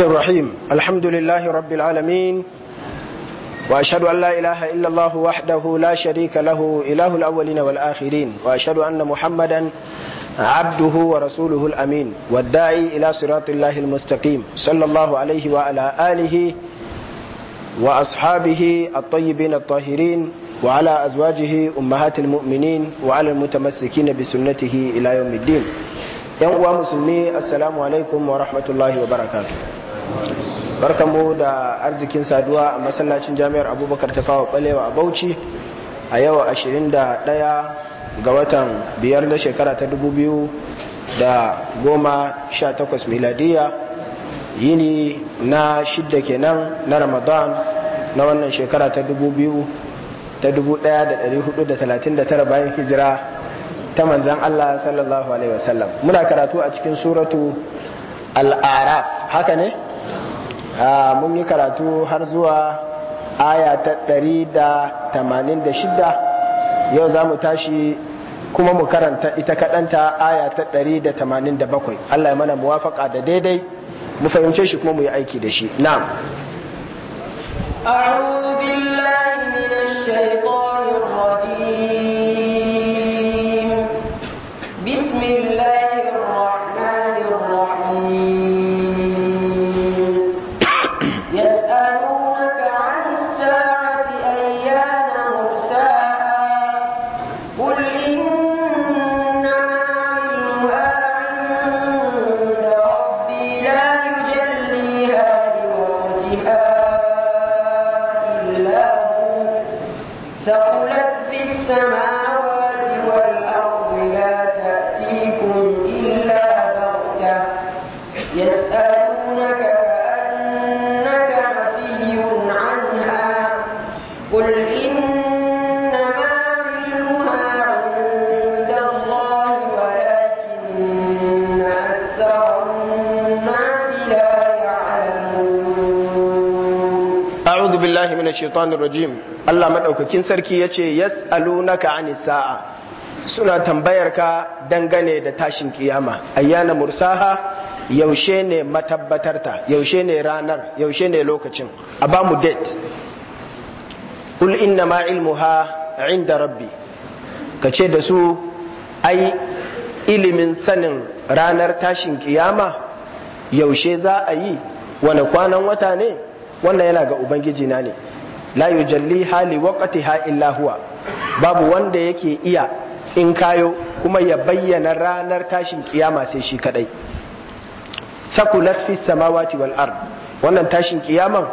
الرحيم الحمد لله رب العالمين وأشهد أن لا إله إلا الله وحده لا شريك له إله الأولين والآخرين وأشهد أن محمدا عبده ورسوله الأمين والداعي إلى صراط الله المستقيم صلى الله عليه وعلى آله وأصحابه الطيبين الطاهرين وعلى أزواجه أمهات المؤمنين وعلى المتمسكين بسنته إلى يوم الدين yan uwa musulmi assalamu alaikum wa rahmatullahi wa barakatuh Barkamu da arzikin saduwa a masallacin jami'ar abubakar ta fawa balewa a bauchi a yau 21 ga watan biyar na shekara ta 2018 miladiya yini na shidda kenan na ramadan na wannan shekara ta 1439 bayan hijira ta manzan Allah sallallahu alaihi wasallam muna karatu a cikin suratu al haka ne mun yi karatu har zuwa aya ta 186 yau za mu tashi kuma mu karanta ita kaɗanta aya ta 187 Allah ya mana muwafaka da daidai mu fahimce shi kuma mu yi aiki da shi na'am ثقلت في السماوات والأرض لا تأتيكم إلا بغتة يسألونك كأنك حفي عنها قل إنما علمها عند الله ولكن أكثر الناس لا يعلمون أعوذ بالله من الشيطان الرجيم Allah maɗaukakin sarki ya ce yas'alunaka ani sa'a suna tambayar ka dangane da tashin kiyama ayyana mursaha yaushe ne matabbatarta yaushe ne ranar yaushe ne lokacin a ba mu date kul inna ma ilmuha inda rabbi ka ce da su ai ilimin sanin ranar tashin kiyama yaushe za a yi wane kwanan wata ne wannan yana ga ubangiji na ne la yujalli hali waqtiha illa huwa babu wanda yake iya tsinkayo kuma ya bayyana ranar tashin kiyama sai shi kadai sakulat fi samawati wal ard wannan tashin kiyaman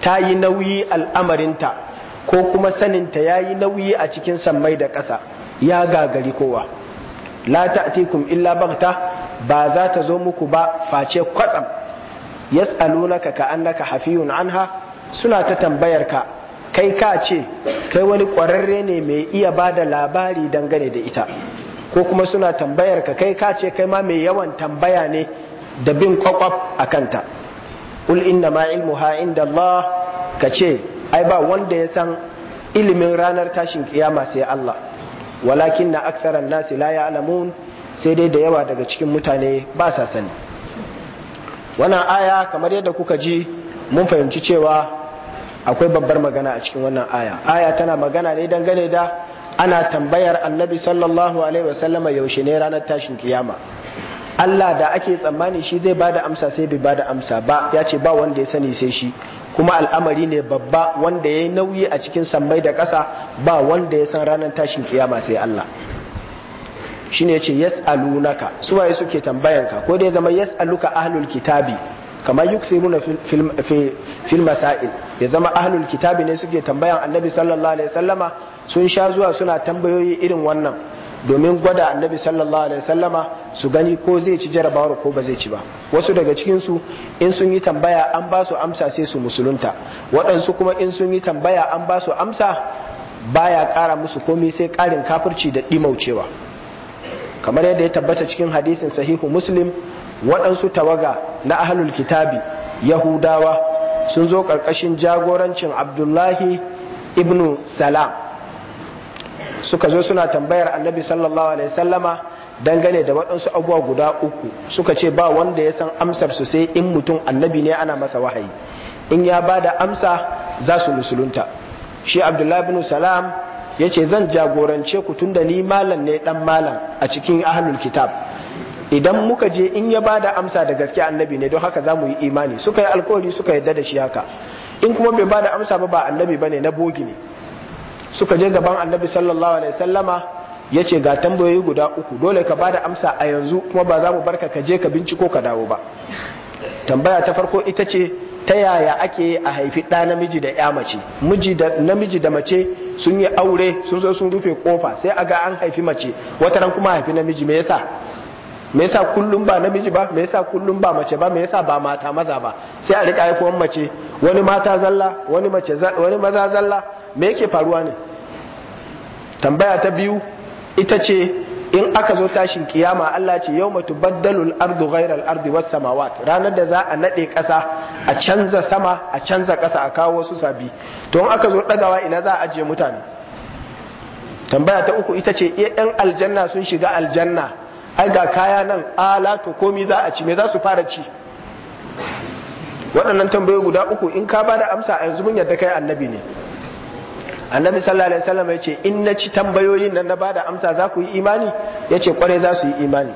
ta yi nauyi al'amarinta ko kuma saninta ya yi nauyi a cikin sammai da ƙasa ya gagari kowa la ta'tikum illa baghta ba za ta zo muku ba face kwatsam yas'alunaka ka annaka hafiyun anha suna ta tambayar ka kai ka ce kai wani ƙwararre ne mai iya ba da labari dangane da ita ko kuma suna tambayar ka kai ka ce kai ma mai yawan tambaya ne da bin kwakwaf a kanta ul inna ma ilmu ha inda Allah ka ce ai ba wanda ya san ilimin ranar tashin kiyama sai Allah walakin na aksaran nasi la ya'lamun sai dai da yawa daga cikin mutane ba sa sani wannan aya kamar yadda kuka ji mun fahimci cewa akwai babbar magana a cikin wannan aya aya tana magana ne dangane da ana tambayar annabi sallallahu alaihi wasallam yaushe ne ranar tashin kiyama Allah da ake tsammani shi zai bada amsa sai bai bada amsa ba ya ce ba wanda ya sani sai shi kuma al'amari ne babba wanda ya yi nauyi a cikin sammai da ƙasa ba wanda ya san ranar tashin kiyama sai Allah shine yace yas'alunaka suwaye suke tambayanka ko da ya zama yas'aluka ahlul kitabi kamar yuksiruna fil fil fil masail ya zama ahlul kitabi ne suke tambayan annabi sallallahu alaihi wasallama sun sha zuwa suna tambayoyi irin wannan domin gwada annabi sallallahu alaihi wasallama su gani ko zai ci jarabawar ko ba zai ci ba wasu daga cikin su in sun yi tambaya an ba su amsa sai su musulunta waɗansu kuma in sun yi tambaya an ba su amsa baya ƙara musu komi sai ƙarin kafirci da ɗimaucewa kamar yadda ya tabbata cikin hadisin sahihu muslim waɗansu tawaga na ahlul kitabi yahudawa sun zo ƙarƙashin jagorancin abdullahi ibnu salam suka zo suna tambayar annabi sallallahu alaihi sallama dangane da waɗansu abubuwa guda uku suka ce ba wanda ya san amsar su sai in mutum annabi ne ana masa wahayi in ya ba da amsa za su musulunta shi abdullahi ibnu salam ya ce zan jagorance ku tunda ni malam ne dan malam a cikin ahlul kitab idan muka je in ya ba da amsa da gaske annabi ne don haka za mu yi imani suka yi alkawari suka yadda da shi haka in kuma bai da amsa ba ba annabi bane na bogi ne suka je gaban annabi sallallahu alaihi sallama ya ce ga tambayoyi guda uku dole ka ba da amsa a yanzu kuma ba za mu barka ka je ka binciko ka dawo ba tambaya ta farko ita ce ta yaya ake a haifi ɗa namiji da ya mace namiji da mace sun yi aure sun zo sun rufe kofa sai a ga an haifi mace wata ran kuma haifi namiji me yasa me yasa kullum ba namiji ba me yasa kullum ba mace ba me yasa ba mata maza ba sai a rika haifuwan mace wani mata zalla wani mace wani maza zalla me yake faruwa ne tambaya ta biyu ita ce in aka zo tashin kiyama Allah ce yau matu baddalul ardu ghairal ardi was samawat ranar da za a nade kasa a canza sama a canza kasa a kawo wasu sabi to in aka zo dagawa ina za a ajiye mutane tambaya ta uku ita ce yan aljanna sun shiga aljanna ai ga kaya nan to komi za a ci me za su fara ci waɗannan tambayoyi guda uku in ka bada amsa a yanzu mun yadda kai annabi ne annabi sallallahu alaihi wasallam ya ce in na ci tambayoyin nan na bada amsa za ku yi imani ya ce kwarai za su yi imani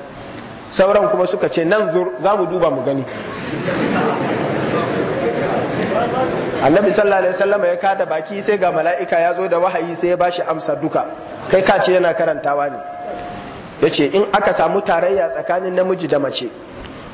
sauran kuma suka ce nan za mu duba mu gani annabi sallallahu alaihi wasallam ya kada baki sai ga mala'ika ya zo da wahayi sai ya bashi amsa duka kai ka ce yana karantawa ne yace in aka samu tarayya tsakanin namiji da mace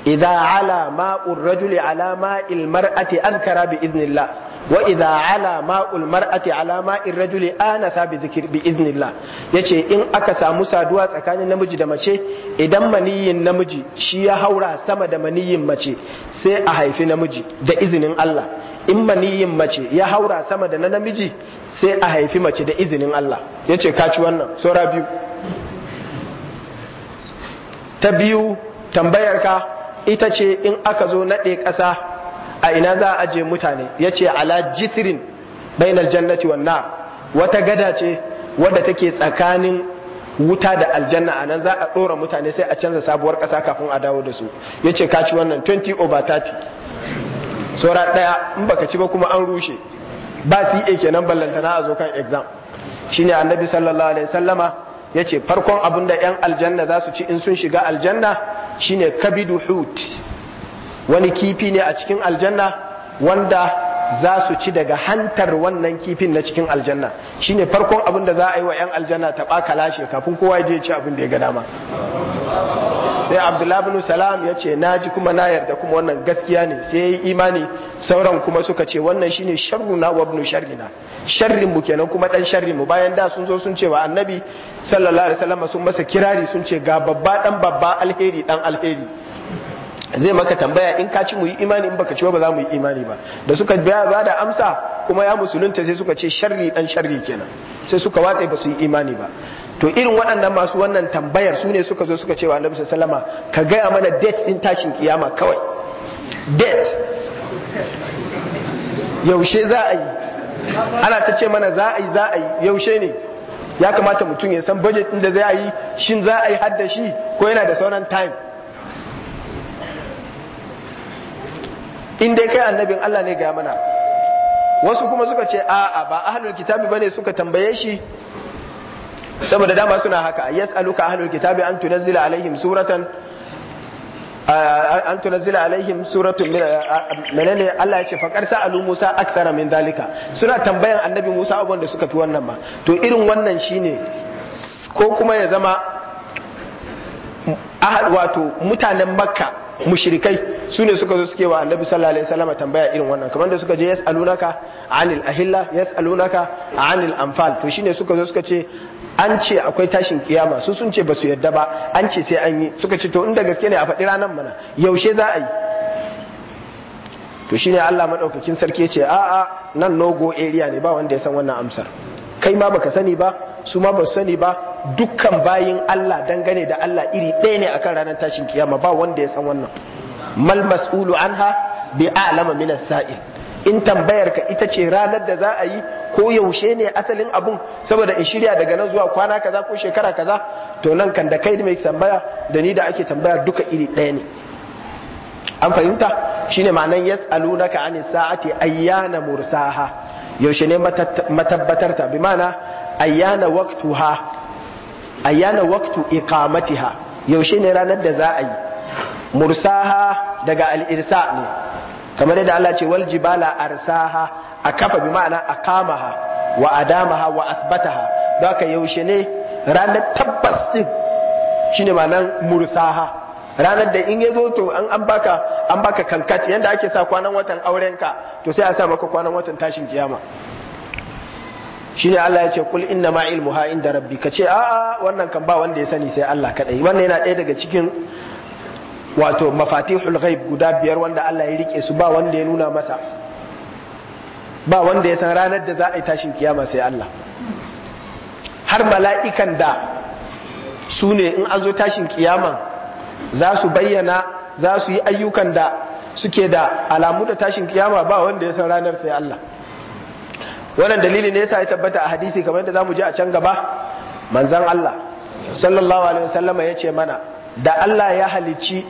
idza ala ma'ur rajuli ala ma'il mar'ati ankara bi iznillah wa idza ala ma'ul mar'ati ala ma'ir rajuli ana bi zikir bi idnillah yace in aka samu saduwa tsakanin namiji da mace idan maniyin namiji shi ya haura sama da maniyin mace sai a haifi namiji da izinin Allah in maniyin mace ya haura sama da na namiji sai a haifi mace da izinin Allah yace kaci wannan saura biyu ta biyu tambayarka ita ce in aka zo naɗe ƙasa a ina za a je mutane ya ce ala jisirin bainal jannati wanna wata gada ce wadda take tsakanin wuta da aljanna a nan za a ɗora mutane sai a canza sabuwar ƙasa kafin a dawo da su ya ce kaci wannan 20 over 30 saura ɗaya in baka ci ba kuma an rushe ba CA kenan ballantana a zo kan exam shine annabi sallallahu alaihi sallama ya ce farkon abin da 'yan aljanna za su ci in sun shiga aljanna shine kabidu hut wani kifi ne a cikin aljanna wanda za su ci daga hantar wannan kifin na cikin aljanna shine farkon abin da za a yi wa 'yan aljanna ta ɓaka lashe kafin kowa ya je ci abin da ya ga dama sai abdullahi bin salam ya ce na ji kuma na yarda kuma wannan gaskiya ne sai ya yi imani sauran kuma suka ce wannan shine na wa sharri na sharrin mu kenan kuma dan sharrin mu bayan da sun zo sun ce wa annabi sallallahu alaihi wasallam sun masa kirari sun ce ga babba dan babba alheri dan alheri zai maka tambaya in ka ci mu yi imani in baka ci ba za mu yi imani ba da suka ba da amsa kuma ya musulunta sai suka ce sharri dan sharri kenan sai suka watsa ba su yi imani ba to irin waɗannan masu wannan tambayar su ne suka zo suka cewa annabi sallama ka gaya mana date din tashin kiyama kawai date yaushe za a yi ana ta ce mana za a yi za a yi yaushe ne ya kamata mutum ya san budget din da zai yi shin za a yi haddashi shi ko yana da sauran time in dai kai annabin Allah ne ga mana wasu kuma suka ce a'a ba ahlul kitabi bane suka tambaye shi saboda dama suna haka yas'aluka ahlul kitabi an tunazzila alaihim suratan an tunazzila alaihim menene Allah ya ce faƙar sa'alu Musa akthara min dalika suna tambayan annabi Musa abun da suka fi wannan ma to irin wannan shine ko kuma ya zama wato mutanen Makka mushrikai su ne suka zo suke wa annabi sallallahu alaihi wasallam tambaya irin wannan kamar da suka je yas'alunaka anil ahilla yas'alunaka anil anfal to shine suka zo suka ce an ce akwai tashin kiyama su sun ce ba su yadda ba an ce sai an yi suka ce to inda gaske ne a faɗi ranar mana yaushe za a yi to shine Allah madaukakin sarki ce a a nan nogo area ne ba wanda ya san wannan amsar kai ma baka sani ba su ma ba sani ba dukkan bayin Allah dangane da Allah iri ɗaya ne akan ranar tashin kiyama ba wanda ya san wannan mal mas'ulu anha bi a'lama min as-sa'il in tambayar ka ita ce ranar da za a yi ko yaushe ne asalin abun saboda in shirya daga nan zuwa kwana kaza ko shekara kaza to nan kan da kai mai tambaya da ni da ake tambaya duka iri ɗaya ne an fahimta shine ma'anan yas'alunaka anis sa'ati ayyana mursaha yaushe ne matabbatar ta bi mana ayyana waqtuha ayyana waqtu iqamatiha yaushe ne ranar da za a yi mursaha daga al-irsa ne kamar yadda Allah ce wal jibala arsaha a kafa bi ma'ana akamaha wa adamaha wa asbataha don haka yaushe ne ranar tabbas din shine ma'anan mursaha ranar da in ya zo to an an baka an baka kankat yanda ake sa kwanan watan aurenka to sai a sa maka kwanan watan tashin kiyama shine Allah ya ce kul inna ma ilmuha inda rabbi ka ce a'a wannan kan ba wanda ya sani sai Allah kadai wannan yana daya daga cikin wato mafatihul ghaib guda biyar wanda Allah ya rike su ba wanda ya nuna masa ba wanda ya san ranar da za a yi tashin kiyama sai Allah har mala'ikan da su ne in an zo tashin kiyama za su bayyana za su yi ayyukan da suke da alamu da tashin kiyama ba wanda ya san ranar sai Allah wannan dalili ne yasa ya tabbata a hadisi kamar yadda zamu ji a can gaba manzon Allah sallallahu alaihi wasallama ya ce mana da Allah ya halici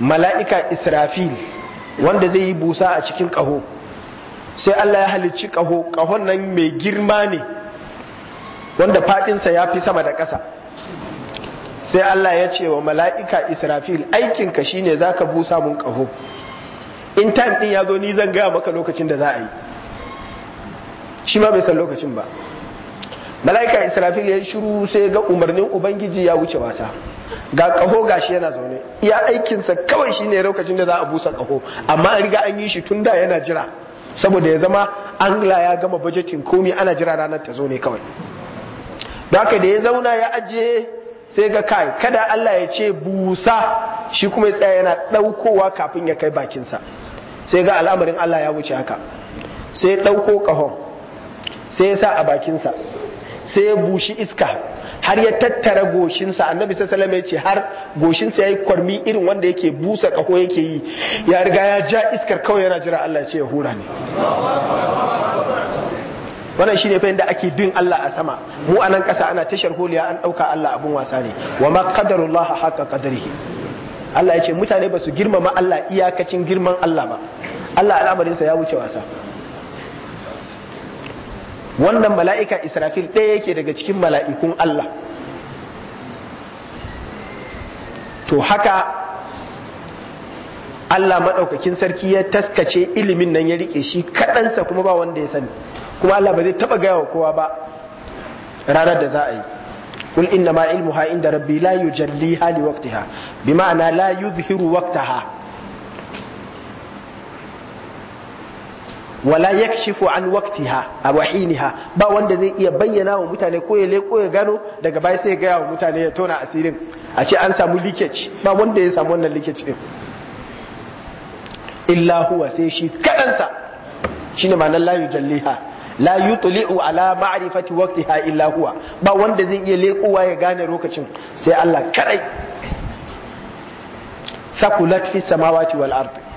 mala'ika israfil wanda zai yi busa a cikin ƙaho sai Allah ya halicci ƙaho ƙahon nan mai girma ne wanda faɗinsa ya fi sama da ƙasa sai Allah ya ce wa mala'ika israfil aikinka ne za ka busa mun ƙaho in time ɗin ya zo ni zan gaya maka lokacin da za a yi shi ma bai san lokacin ba mala'ika israfil ya shiru sai ga umarnin ubangiji ya wuce wasa ga kaho gashi yana zaune iya aikinsa kawai shine lokacin da za a busa kaho amma an riga an yi shi tun da yana jira saboda ya zama angla ya gama budgeting komi ana jira ranar ta zo ne kawai da da ya zauna ya ajiye sai ga kai kada Allah ya ce busa shi kuma ya tsaya yana ɗaukowa kafin ya kai bakinsa sai ga al'amarin Allah ya wuce haka sai ɗauko ƙahon sai ya sa a bakinsa sai ya bushi iska har ya tattara goshinsa annabi sallallahu ya ce har goshinsa ya yi kwarmi irin wanda yake busa kaho yake yi ya riga ya ja iskar kawai yana jira Allah ya ce ya hura ne wannan shine fa da ake bin Allah a sama mu a nan ƙasa ana tashar holiya an ɗauka Allah abun wasa ne wa ma haka haqa qadarihi Allah ya ce mutane ba su girmama Allah iyakacin girman Allah ba Allah al'amarinsa ya wuce wasa wannan mala'ika israfil ɗaya yake daga cikin mala'ikun Allah to haka Allah maɗaukakin sarki ya taskace ilimin nan ya riƙe shi kaɗansa kuma ba wanda ya sani kuma Allah ba zai taɓa gaya wa kowa ba ranar da za a yi inna قل إنما علمها rabbi ربي لا يجليها لوقتها ma'ana la yuzhiru waqtaha wala yakshifu an waqtiha aw ha ba wanda zai iya bayyana wa mutane ko ya leko ya gano daga baya sai ya gaya wa mutane ya tona asirin a ce an samu leakage ba wanda ya samu wannan leakage din illa huwa sai shi kadansa shine ma'anar la yujalliha la yutli'u ala ma'rifati waqtiha illa huwa ba wanda zai iya lekowa ya gane lokacin sai Allah kadai sakulat fi samawati wal ardi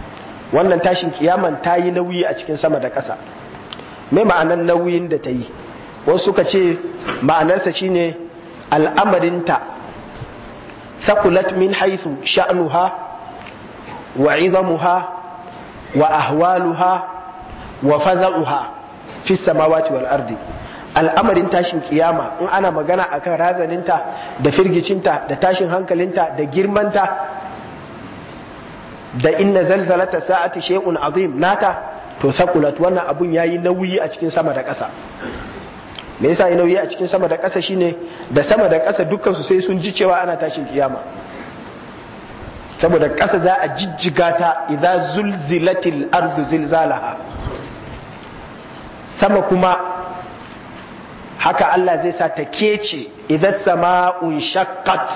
wannan tashin kiyaman ta yi nauyi a cikin sama da ƙasa me ma'anar nauyin da ta yi wasu ka ce ma'anarsa shine al'amarinta sakulat min haisu sha'nuha wa 'idhamuha wa ahwaluha wa faza'uha fi samawati wal ardi al'amarin tashin kiyama in ana magana akan razaninta da firgicinta da tashin hankalinta da girmanta da inna zalzalata sa'ati shay'un azim nata to sakulat wannan abun yayi nauyi a cikin sama da ƙasa me yasa yayi nauyi a cikin sama da ƙasa shine da sama da ƙasa dukkan su sai sun ji cewa ana tashin kiyama saboda ƙasa za a jijjiga ta idza zulzilatil ardu zilzalaha sama kuma haka Allah zai sa ta kece idan sama'un shakkat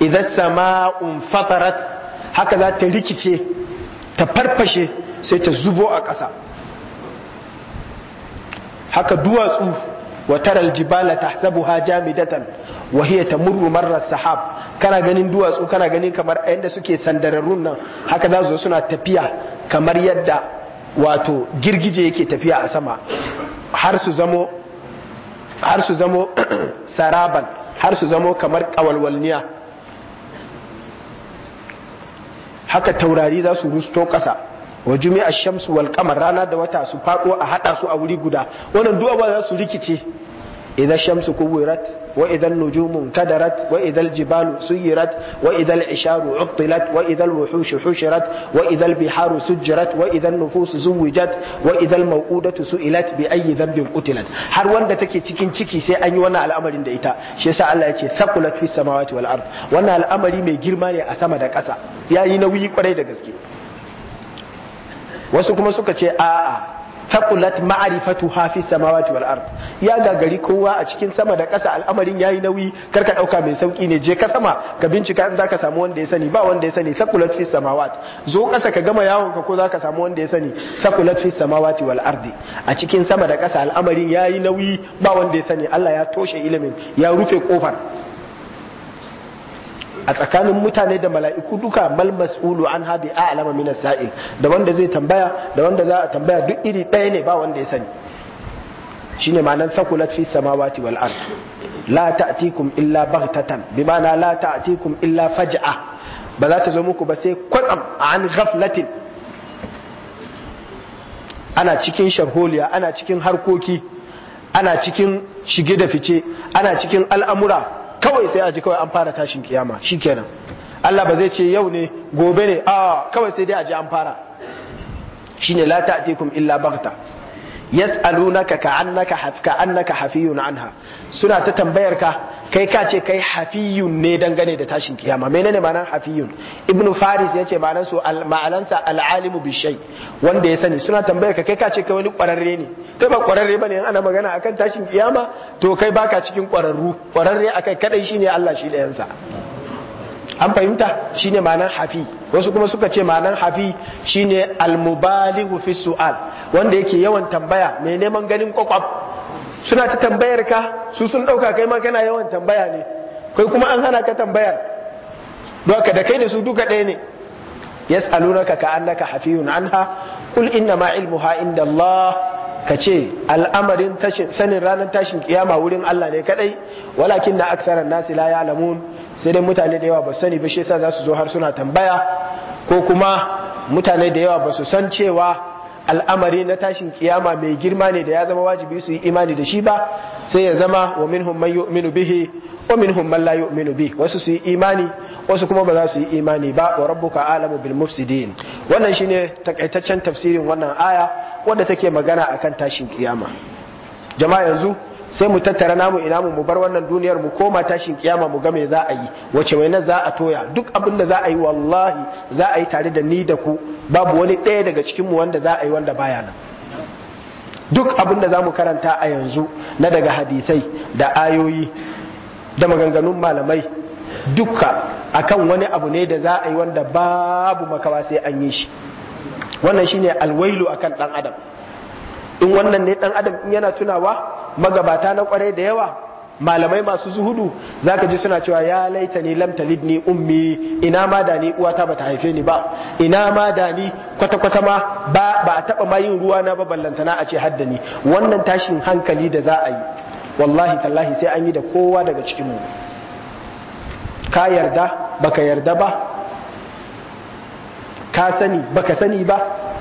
idan sama'un fatarat haka za ta rikice ta farfashe sai ta zubo a ƙasa haka duwatsu wa taral jibala tahsabuha jamidatan wa ta murru marar sahab kana ganin duwatsu kana gani kamar yadda suke sandararrun nan haka za su suna tafiya kamar yadda wato girgije yake tafiya a sama har su zamo har su zamo saraban har su zamo kamar kawalwalniya haka taurari za su rusto ƙasa wa a shamsu wal kamar rana da wata su faɗo a haɗa su a wuri guda wannan du'a ba za su rikice idan shamsu kuwirat wa idan nujumun kadarat wa idan jibalu suyirat wa idan isharu uktilat wa idan wuhushu hushirat wa idan biharu sujirat wa idan nufusu zuwijat wa idan ma'udatu su ilat bi ayyi zambin kutilat har wanda take cikin ciki sai an yi wannan al'amarin da ita shi sa Allah ya ce sakulat fi samawati wal ardi wannan al'amari mai girma ne a sama da ƙasa. Ya yi nauyi kwarai da gaske wasu kuma suka ce a'a taqulat ma'rifatu hafi samawati wal ard ya gagari kowa a cikin sama da ƙasa al'amarin yayi nauyi kar ka dauka mai sauki ne je ka sama ka bincika in zaka samu wanda ya sani ba wanda ya sani taqulat fi samawat zo ƙasa ka gama yawon ka ko zaka samu wanda ya sani taqulat fi samawati wal ard a cikin sama da ƙasa al'amarin yayi nauyi ba wanda ya sani Allah ya toshe ilimin ya rufe kofar a tsakanin mutane da mala'iku duka mal mas'ulu an habi a'lama minas sa'il da wanda zai tambaya da wanda za a tambaya duk iri ɗaya ne ba wanda ya sani shine ma'anar sakulat fi samawati wal ard la ta'tikum illa baghtatan bi ma'ana la ta'tikum illa faj'a ba za ta zo muku ba sai kwatsam an ghaflatin ana cikin sharholiya ana cikin harkoki ana cikin shige da fice ana cikin al'amura kawai sai a ji kawai an fara tashin kiyama shikenan Allah ba zai ce yau ne gobe ne a kawai sai dai a ji an fara Shi shine la ta'tikum illa baghta yas'alunaka ka'annaka hafka annaka hafiyun anha suna ta tambayar ka kai ka ce kai hafiyun ne dangane da tashin kiyama menene ma'anar hafiyun ibn faris yace ma'anar su ma'alansa al'alimu bishai wanda ya sani suna tambayar ka kai ka ce kai wani kwararre ne kai ba kwararre bane in ana magana akan tashin kiyama to kai baka cikin kwararru kwararre akai kadai shine Allah shi da yansa an fahimta shine ma'anan hafi wasu kuma suka ce ma'anan hafi shine almubalighu fi su'al wanda yake yawan tambaya mai neman ganin kwakwab suna ta tambayar ka su sun dauka kai ma kana yawan tambaya ne kai kuma an hana ka tambayar doka da kai da su duka ɗaya ne yas'alunaka ka annaka hafiyun anha qul inna ma ilmuha inda Allah ka ce sanin ranar tashin kiyama wurin Allah ne kadai walakin na aksarar nasi la ya'lamun sai dai mutane da yawa ba sani ba shi yasa za su zo har suna tambaya ko kuma mutane da yawa ba su san cewa al'amari na tashin kiyama mai girma ne da ya zama wajibi su yi imani da shi ba sai ya zama wa minhum man yu'minu bihi wa minhum man la yu'minu bihi wasu su yi imani wasu kuma ba za su yi imani ba wa rabbuka alamu bil mufsidin wannan shine takaitaccen tafsirin wannan aya wanda take magana akan tashin kiyama jama'a yanzu sai mu tattara namu ina mu mu bar wannan duniyar mu koma tashin kiyama mu ga me za a yi wace waina za a toya duk abin da za a yi wallahi za a yi tare da ni da ku babu wani ɗaya daga cikin mu wanda za a yi wanda baya nan duk abin da za mu karanta a yanzu na daga hadisai da ayoyi da maganganun malamai duka akan wani abu ne da za a yi wanda babu makawa sai an yi shi wannan shine alwailu akan dan adam in wannan ne dan adam in yana tunawa magabata na kwarai da yawa malamai masu zuhudu zaka ji suna cewa ya laita ni lam talidni ummi ina ma da ni uwata bata haife ni ba ina ma da ni kwata kwata ma ba a taba ma yin ruwa na ba ballantana a ce ni wannan tashin hankali da za a yi wallahi tallahi sai an yi da kowa daga cikin mu ka yarda baka yarda ba ka sani baka sani ba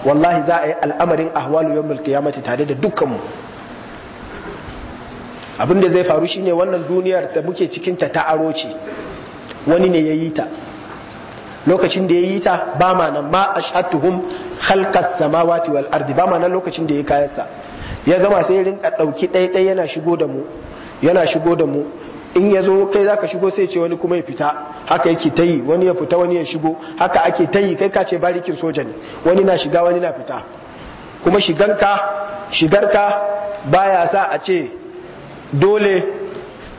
wallahi za a yi al'amarin ahwalu yawmul qiyamati tare da dukkan abin da zai faru shine wannan duniyar da muke cikinta ta aro ce wani ne ya yi ta lokacin da ya yi ta ba ma nan ma ashatuhum sama samawati wal ardi ba ma nan lokacin da ya kayansa ya gama sai rinka ɗauki ɗaya ɗaya yana shigo da mu yana shigo da mu in ya zo kai za ka shigo sai ce wani kuma ya fita haka yake ta yi wani ya fita wani ya shigo haka ake ta yi kai ka ce barikin soja ne wani na shiga wani na fita kuma shiganka shigarka baya sa a ce dole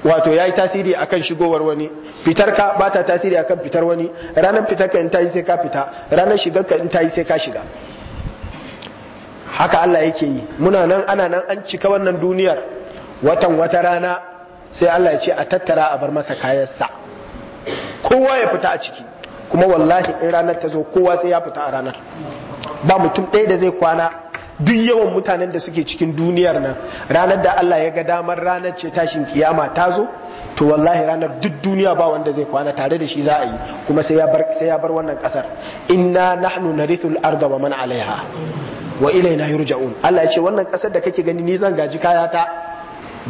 wato ya yi tasiri akan shigowar wani fitar ka ba ta tasiri akan fitar wani ranar fitar ka in ta yi sai ka fita ranar shigar ka in ta yi sai ka shiga haka Allah yake yi muna nan ana nan an cika wannan duniyar watan wata rana sai Allah ya ce a tattara a bar masa sa kowa ya fita a ciki kuma wallahi in ranar ta zo kowa sai ya fita a ranar ba mutum ɗaya da zai kwana duk yawan mutanen da suke cikin duniyar nan ranar da Allah ya ga damar ranar ce tashin kiyama ta zo to wallahi ranar duk duniya ba wanda zai kwana tare da shi za a yi kuma sai ya bar sai ya bar wannan kasar inna nahnu narithul arda wa man alaiha wa na yurja'un Allah ya ce wannan kasar da kake gani ni zan gaji kaya ta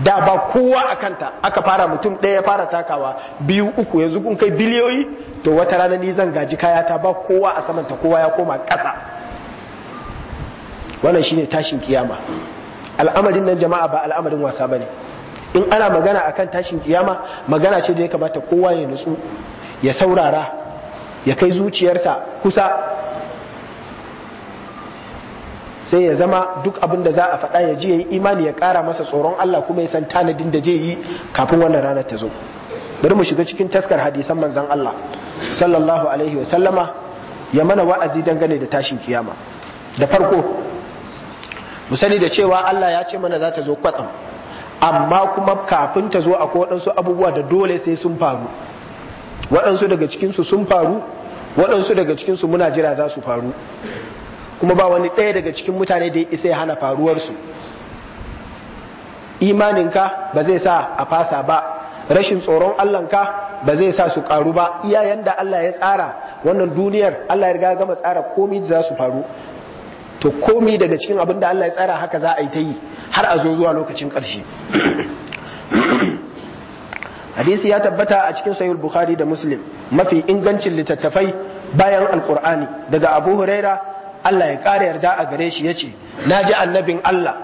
da ba kowa a kanta aka fara mutum ɗaya ya fara takawa biyu uku yanzu kun kai biliyoyi to wata rana ni zan gaji kaya ta ba kowa a samanta kowa ya koma ƙasa wannan shine tashin kiyama al'amarin nan jama'a ba al'amarin wasa bane in ana magana akan tashin kiyama magana ce da ya kamata kowa ya nutsu ya saurara ya kai zuciyarsa kusa sai ya zama duk abin da za a faɗa ya ji ya yi imani ya ƙara masa tsoron Allah kuma ya san tanadin da zai yi kafin wannan ranar ta zo bari mu shiga cikin taskar hadisan manzon Allah sallallahu alaihi wa sallama ya mana wa'azi dangane da tashin kiyama da farko mu da cewa Allah ya ce mana za ta zo kwatsam amma kuma kafin ta zo akwai waɗansu abubuwa da dole sai sun faru waɗansu daga cikinsu sun faru waɗansu daga cikinsu muna jira za su faru kuma ba wani ɗaya daga cikin mutane da ya isa ya hana faruwarsu imaninka ba zai sa a fasa ba rashin tsoron Allahnka ba zai sa su karu ba iyayen da Allah ya tsara wannan duniyar Allah ya riga gama tsara komai za su faru to komi daga cikin abin da Allah ya tsara haka za a yi ta yi har a zo zuwa lokacin ƙarshe hadisi ya tabbata a cikin sahih bukhari da muslim mafi ingancin littattafai bayan alqur'ani daga abu huraira Allah ya ƙara yarda a gare shi ya yace naji annabin Allah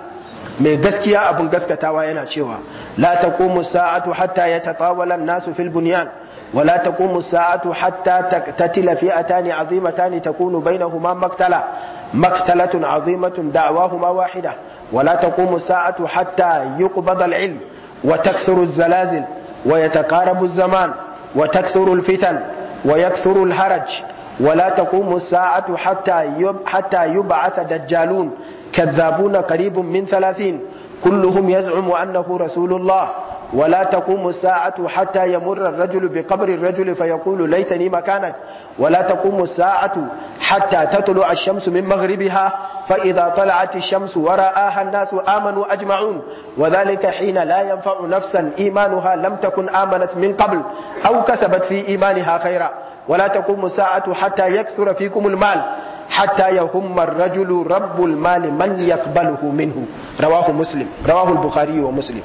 mai gaskiya abin gaskatawa yana cewa la taqumu sa'atu hatta ya an-nasu fil bunyan ولا تقوم الساعة حتى تقتتل فئتان عظيمتان تكون بينهما maktala. مقتلة عظيمة دعواهما واحدة ولا تقوم الساعة حتى يقبض العلم وتكثر الزلازل ويتقارب الزمان وتكثر الفتن ويكثر الهرج ولا تقوم الساعة حتى حتى يبعث دجالون كذابون قريب من ثلاثين كلهم يزعم أنه رسول الله ولا تقوم الساعة حتى يمر الرجل بقبر الرجل فيقول ليتني مكانك ولا تقوم الساعة حتى تطلع الشمس من مغربها فإذا طلعت الشمس ورآها الناس آمنوا أجمعون وذلك حين لا ينفع نفسا إيمانها لم تكن آمنت من قبل أو كسبت في إيمانها خيرا ولا تقوم الساعة حتى يكثر فيكم المال حتى يهم الرجل رب المال من يقبله منه رواه مسلم رواه البخاري ومسلم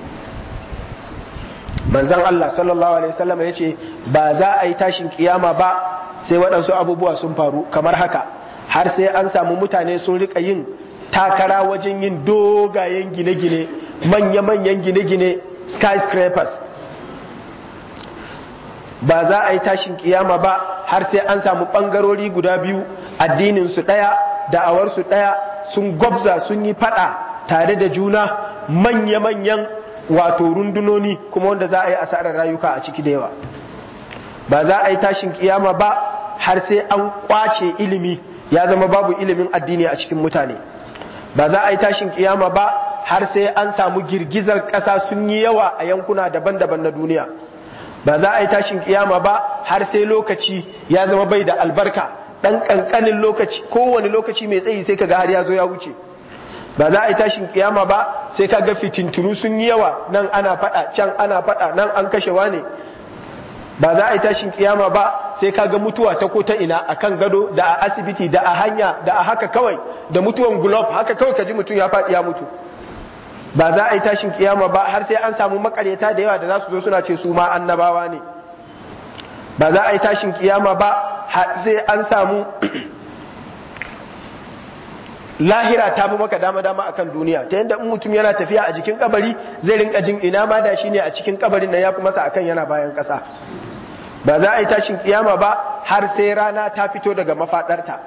manzon Allah sallallahu alaihi wasallam ya ce ba za a yi tashin kiyama ba sai waɗansu abubuwa sun faru kamar haka har sai an samu mutane sun rika yin takara wajen yin dogayen gine-gine manya-manyan gine-gine skyscrapers ba za a yi tashin kiyama ba har sai an samu ɓangarori guda biyu addinin su ɗaya da'awarsu ɗaya sun gwabza sun yi faɗa tare da juna manya-manyan wato rundunoni kuma wanda za a yi asarar rayuka a ciki da yawa ba za a yi tashin kiyama ba har sai an kwace ilimi ya zama babu ilimin addini a cikin mutane ba za a yi tashin kiyama ba har sai an samu girgizar ƙasa sun yi yawa a yankuna daban-daban na duniya ba za a yi tashin kiyama ba har sai lokaci ya zama bai da albarka ɗan ƙanƙanin lokaci kowane lokaci mai tsayi sai ka ga har ya zo ya wuce ba za a yi tashin kiyama ba sai ka ga fitinturu sun yi yawa nan ana faɗa can ana faɗa nan an kashewa ne ba za a yi tashin kiyama ba sai ka ga mutuwa ta kota ina a kan gado da a asibiti da a hanya da a haka kawai da mutuwan gulob haka kawai ka ji mutum ya faɗi ya mutu ba za a yi tashin kiyama ba har sai an samu makaryata da yawa da za su zo suna ce su ma annabawa ne ba za a yi tashin kiyama ba sai an samu lahira ta fi maka dama dama akan duniya ta yadda in mutum yana tafiya a jikin kabari zai rinka jin ina ma da shi ne a cikin kabarin nan ya kuma sa akan yana bayan kasa ba za a yi tashin kiyama ba har sai rana ta fito daga mafadarta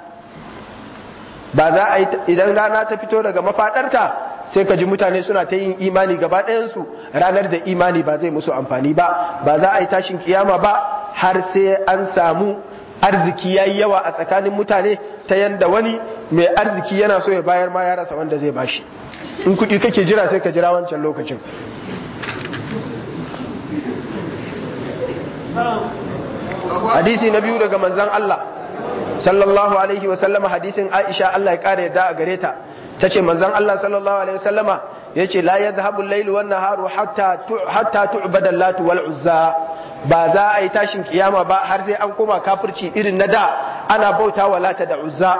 ba za a yi idan rana ta fito daga mafadarta sai ka ji mutane suna ta yin imani gaba ɗayansu ranar da imani ba zai musu amfani ba ba za a yi tashin kiyama ba har sai an samu arziki ya yi yawa a tsakanin mutane ta yanda wani mai arziki yana so ya bayar ma ya rasa wanda zai bashi in kuɗi kake jira sai ka jira wancan lokacin hadisi na biyu daga manzan Allah sallallahu alaihi wa hadisin Aisha Allah ya kare yadda a gare ta ce manzan Allah sallallahu alaihi wa sallama ce la yadda al-lailu wannan haru hatta hatta latu wal'uzza ba za a yi tashin kiyama ba har sai an koma kafirci irin na da ana bauta wa lata da uzza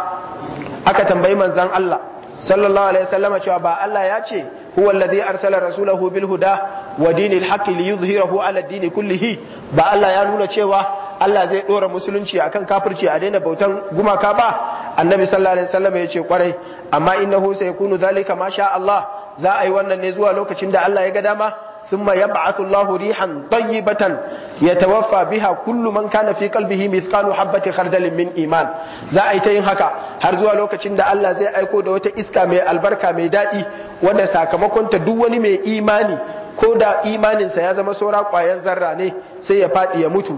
aka tambayi manzan Allah sallallahu alaihi wasallam cewa ba Allah ya ce huwa alladhi arsala rasulahu bil huda wa dinil haqqi liyudhhirahu ala dini kullihi ba Allah ya nuna cewa Allah zai dora musulunci akan kafirci a daina bautan gumaka ba annabi sallallahu alaihi wasallam ya ce kwarai amma innahu sayakunu dhalika ma sha Allah za a yi wannan ne zuwa lokacin da Allah ya ga dama ثم يبعث الله ريحا طيبة يتوفى بها كل من كان في قلبه مثقال حبة خردل من iman. za a yi ta yin haka har zuwa lokacin da Allah zai aiko da wata iska mai albarka mai daɗi wanda sakamakonta duk wani mai imani ko da imaninsa ya zama saura ƙwayan zarra ne sai ya faɗi ya mutu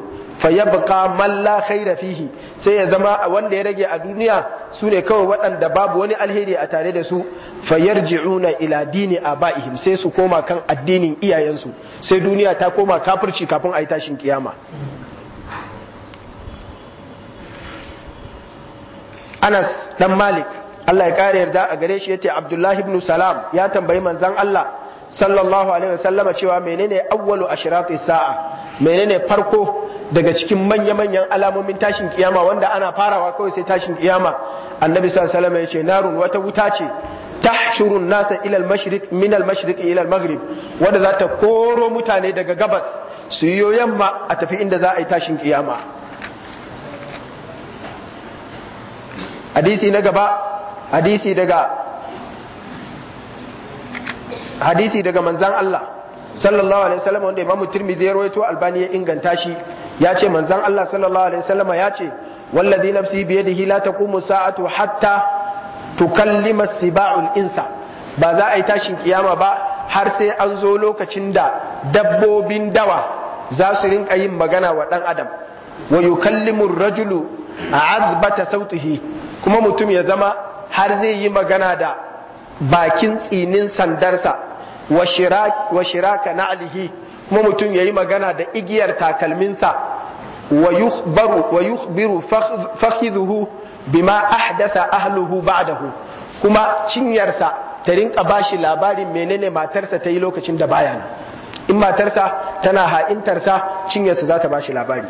fa yabqa man la khaira fihi sai ya zama a wanda ya rage a duniya su ne kawai waɗanda babu wani alheri a tare da su fa na ila dini abaihim sai su koma kan addinin iyayensu sai duniya ta koma kafirci kafin a yi tashin kiyama Anas dan Malik Allah ya kare yarda a gare shi yace Abdullahi ibn Salam ya tambayi manzon Allah sallallahu alaihi wasallama cewa menene awwalu ashrati sa'a menene farko daga cikin manya-manyan alamomin tashin kiyama wanda ana farawa kawai sai tashin kiyama annabi sallallahu alaihi wasallam ya ce narun wata wuta ce tahshurun nasa ilal mashriq min al mashriq ila al maghrib wanda za ta koro mutane daga gabas su yi yamma a tafi inda za a yi tashin kiyama hadisi na gaba hadisi daga hadisi daga manzan Allah sallallahu alaihi wasallam wanda imamu Tirmidhi ya rawaito Albani ya inganta shi ya ce manzon Allah sallallahu alaihi wasallama ya ce wallazi nafsi hila ta kuma sa'atu hatta tukallima siba'ul insa ba za a yi tashin kiyama ba har sai an zo lokacin da dabbobin dawa za su rinka yin magana wa ɗan adam wa yukallimu rajulu azbata sautihi kuma mutum ya zama har zai yi magana da bakin tsinin sandarsa wa shiraka na'lihi kuma mutum yayi magana da igiyar takalminsa wa yukhbaru wa yukhbiru fakhidhuhu bima ahdatha ahluhu ba'dahu kuma cinyarsa ta rinka bashi labarin menene matarsa ta yi lokacin da baya in matarsa tana ha'intarsa cinyarsa za ta bashi labari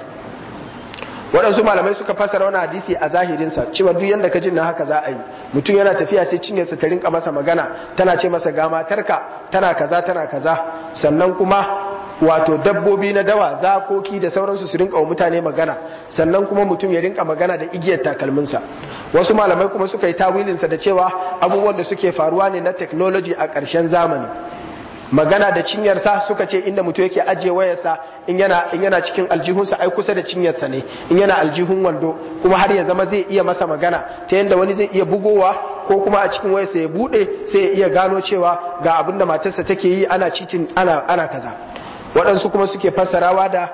waɗansu malamai suka fasara wani hadisi a zahirinsa cewa duk yanda ka jin na haka za a yi mutum yana tafiya sai cinyarsa ta rinka masa magana tana ce masa ga matarka tana kaza tana kaza sannan kuma wato dabbobi na dawa zakoki da sauransu su rinka wa mutane magana sannan kuma mutum ya rinka magana da igiyar takalminsa wasu malamai kuma suka yi tawilinsa da cewa abubuwan da suke faruwa ne na technology a ƙarshen zamani magana da cinyarsa suka ce inda mutum yake ajiye wayarsa in yana in yana cikin aljihunsa ai kusa da cinyarsa ne in yana aljihun wando kuma har ya zama zai iya masa magana ta yanda wani zai iya bugowa ko kuma a cikin wayarsa ya bude sai ya iya gano cewa ga abin da matarsa take yi ana cikin ana ana kaza waɗansu kuma suke fassarawa da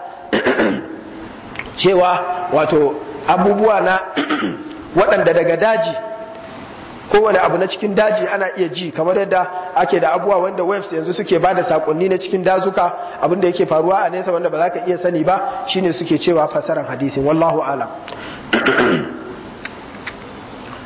cewa wato abubuwa na waɗanda daga daji kowane abu na cikin daji ana iya ji kamar yadda ake da abubuwa wanda waves yanzu suke ba da sakonni na cikin dazuka abin da yake faruwa a nesa wanda ba za ka iya sani ba shine suke cewa fasaran hadisin wallahu alam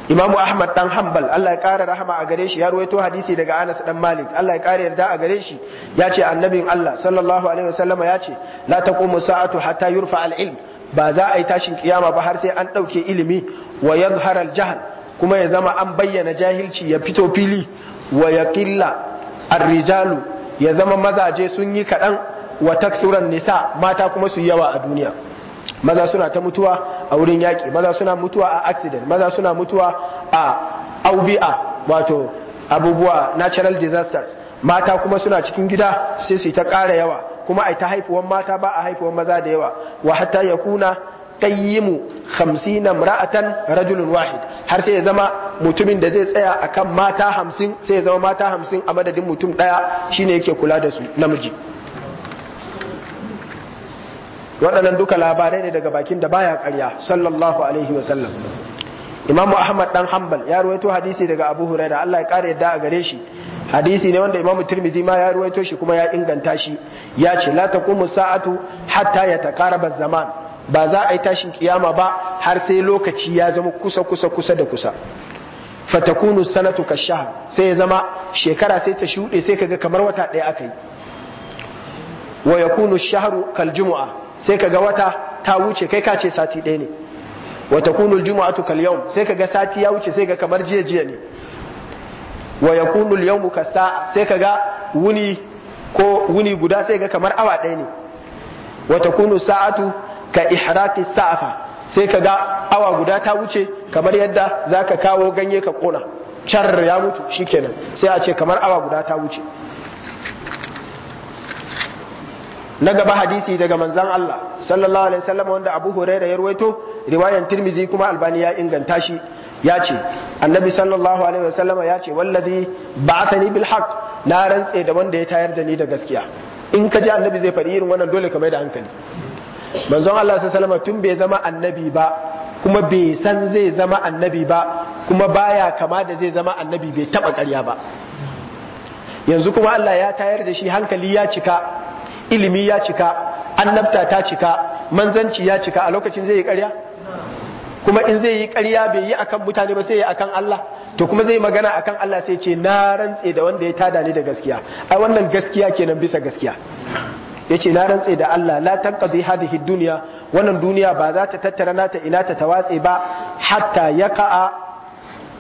Imam Ahmad dan Hanbal Allah ya kare rahama a gare shi ya ruwaito hadisi daga Anas dan Malik Allah ya kare yarda a gare shi ya ce annabin Allah sallallahu alaihi wasallama ya ce la taqumu sa'atu hatta yurfa al-ilm ba za a yi tashin kiyama ba har sai an dauke ilimi wa yadhhar al-jahl kuma ya zama an bayyana jahilci ya fito fili wa yaqilla ar-rijalu ya zama mazaje sun yi kadan wa taksuran nisa mata kuma su yawa a duniya maza suna ta mutuwa a wurin yaƙi maza suna mutuwa a accident maza suna mutuwa a aubi'a wato abubuwa natural disasters mata kuma suna cikin gida sai su ta ƙara yawa kuma a ta haifuwan mata ba a haifuwan maza da yawa wa hatta ya kuna qayyimu 50 imra'atan rajulun wahid har sai ya zama mutumin da zai tsaya akan mata 50 sai ya zama mata 50 a madadin mutum daya shine yake kula da su namiji waɗannan duka labarai ne daga bakin da baya ƙarya sallallahu alaihi wa sallam Imam Ahmad dan Hanbal ya ruwaito hadisi daga Abu huraira Allah ya kara yadda a gare shi hadisi ne wanda Imam Tirmidhi ma ya ruwaito shi kuma ya inganta shi ya ce la taqumu sa'atu hatta yataqaraba zaman ba za a yi tashin kiyama ba har sai lokaci ya zama kusa kusa kusa da kusa fatakunu sanatu kashahr sai ya zama shekara sai ta shuɗe sai kaga kamar wata ɗaya aka yi wa yakunu shahru kal jumu'a sai kaga wata ta wuce kai ka ce sati ɗaya ne wa juma'a aljum'atu kal yawm sai kaga sati ya wuce sai ga kamar jiya jiya ne wa yakunu yau muka sa'a sai kaga wuni ko wuni guda sai ga kamar awa ɗaya ne wa takunu sa'atu ka ihrati sa'afa sai kaga awa guda ta wuce kamar yadda zaka kawo ganye ka kona char ya mutu shi kenan sai a ce kamar awa guda ta wuce na gaba hadisi daga manzan Allah sallallahu alaihi wasallam wanda Abu Hurairah ya ruwaito riwayan Tirmizi kuma Albani ya inganta shi ya ce annabi sallallahu alaihi wasallam ya ce wallazi ba'athani bil haqq na rantse da wanda ya tayar da ni da gaskiya in ka ji annabi zai faɗi irin wannan dole ka mai da hankali manzon Allah sallallahu alaihi tun bai zama annabi ba kuma bai san zai zama annabi ba kuma baya kama da zai zama annabi bai taba ƙarya ba yanzu kuma Allah ya tayar da shi hankali ya cika ilimi ya cika annabta ta cika manzanci ya cika a lokacin zai yi ƙarya kuma in zai yi ƙarya bai yi akan mutane ba sai yi akan Allah to kuma zai magana akan Allah sai ce na rantse da wanda ya tada ni da gaskiya ai wannan gaskiya kenan bisa gaskiya yace na rantse da Allah la tanqadi hadhihi dunya wannan duniya ba za ta tattara nata ina ta tawatse ba hatta yaqa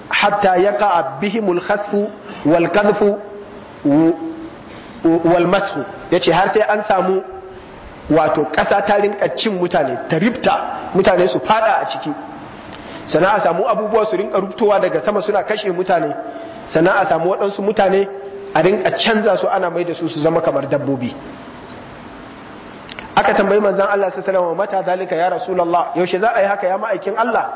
hatta yaqa bihimul khasfu wal kadhfu walmasu ya yace har sai an samu wato ƙasa ta rinka cin mutane ta rifta mutane su fada a ciki sannan a samu abubuwa su rinka rubtowa daga sama suna kashe mutane sannan a samu waɗansu mutane a rinka canza su ana mai da su su zama kamar dabbobi aka tambayi manzan Allah sallallahu alaihi mata zalika ya yau yaushe za a yi haka ya ma'aikin Allah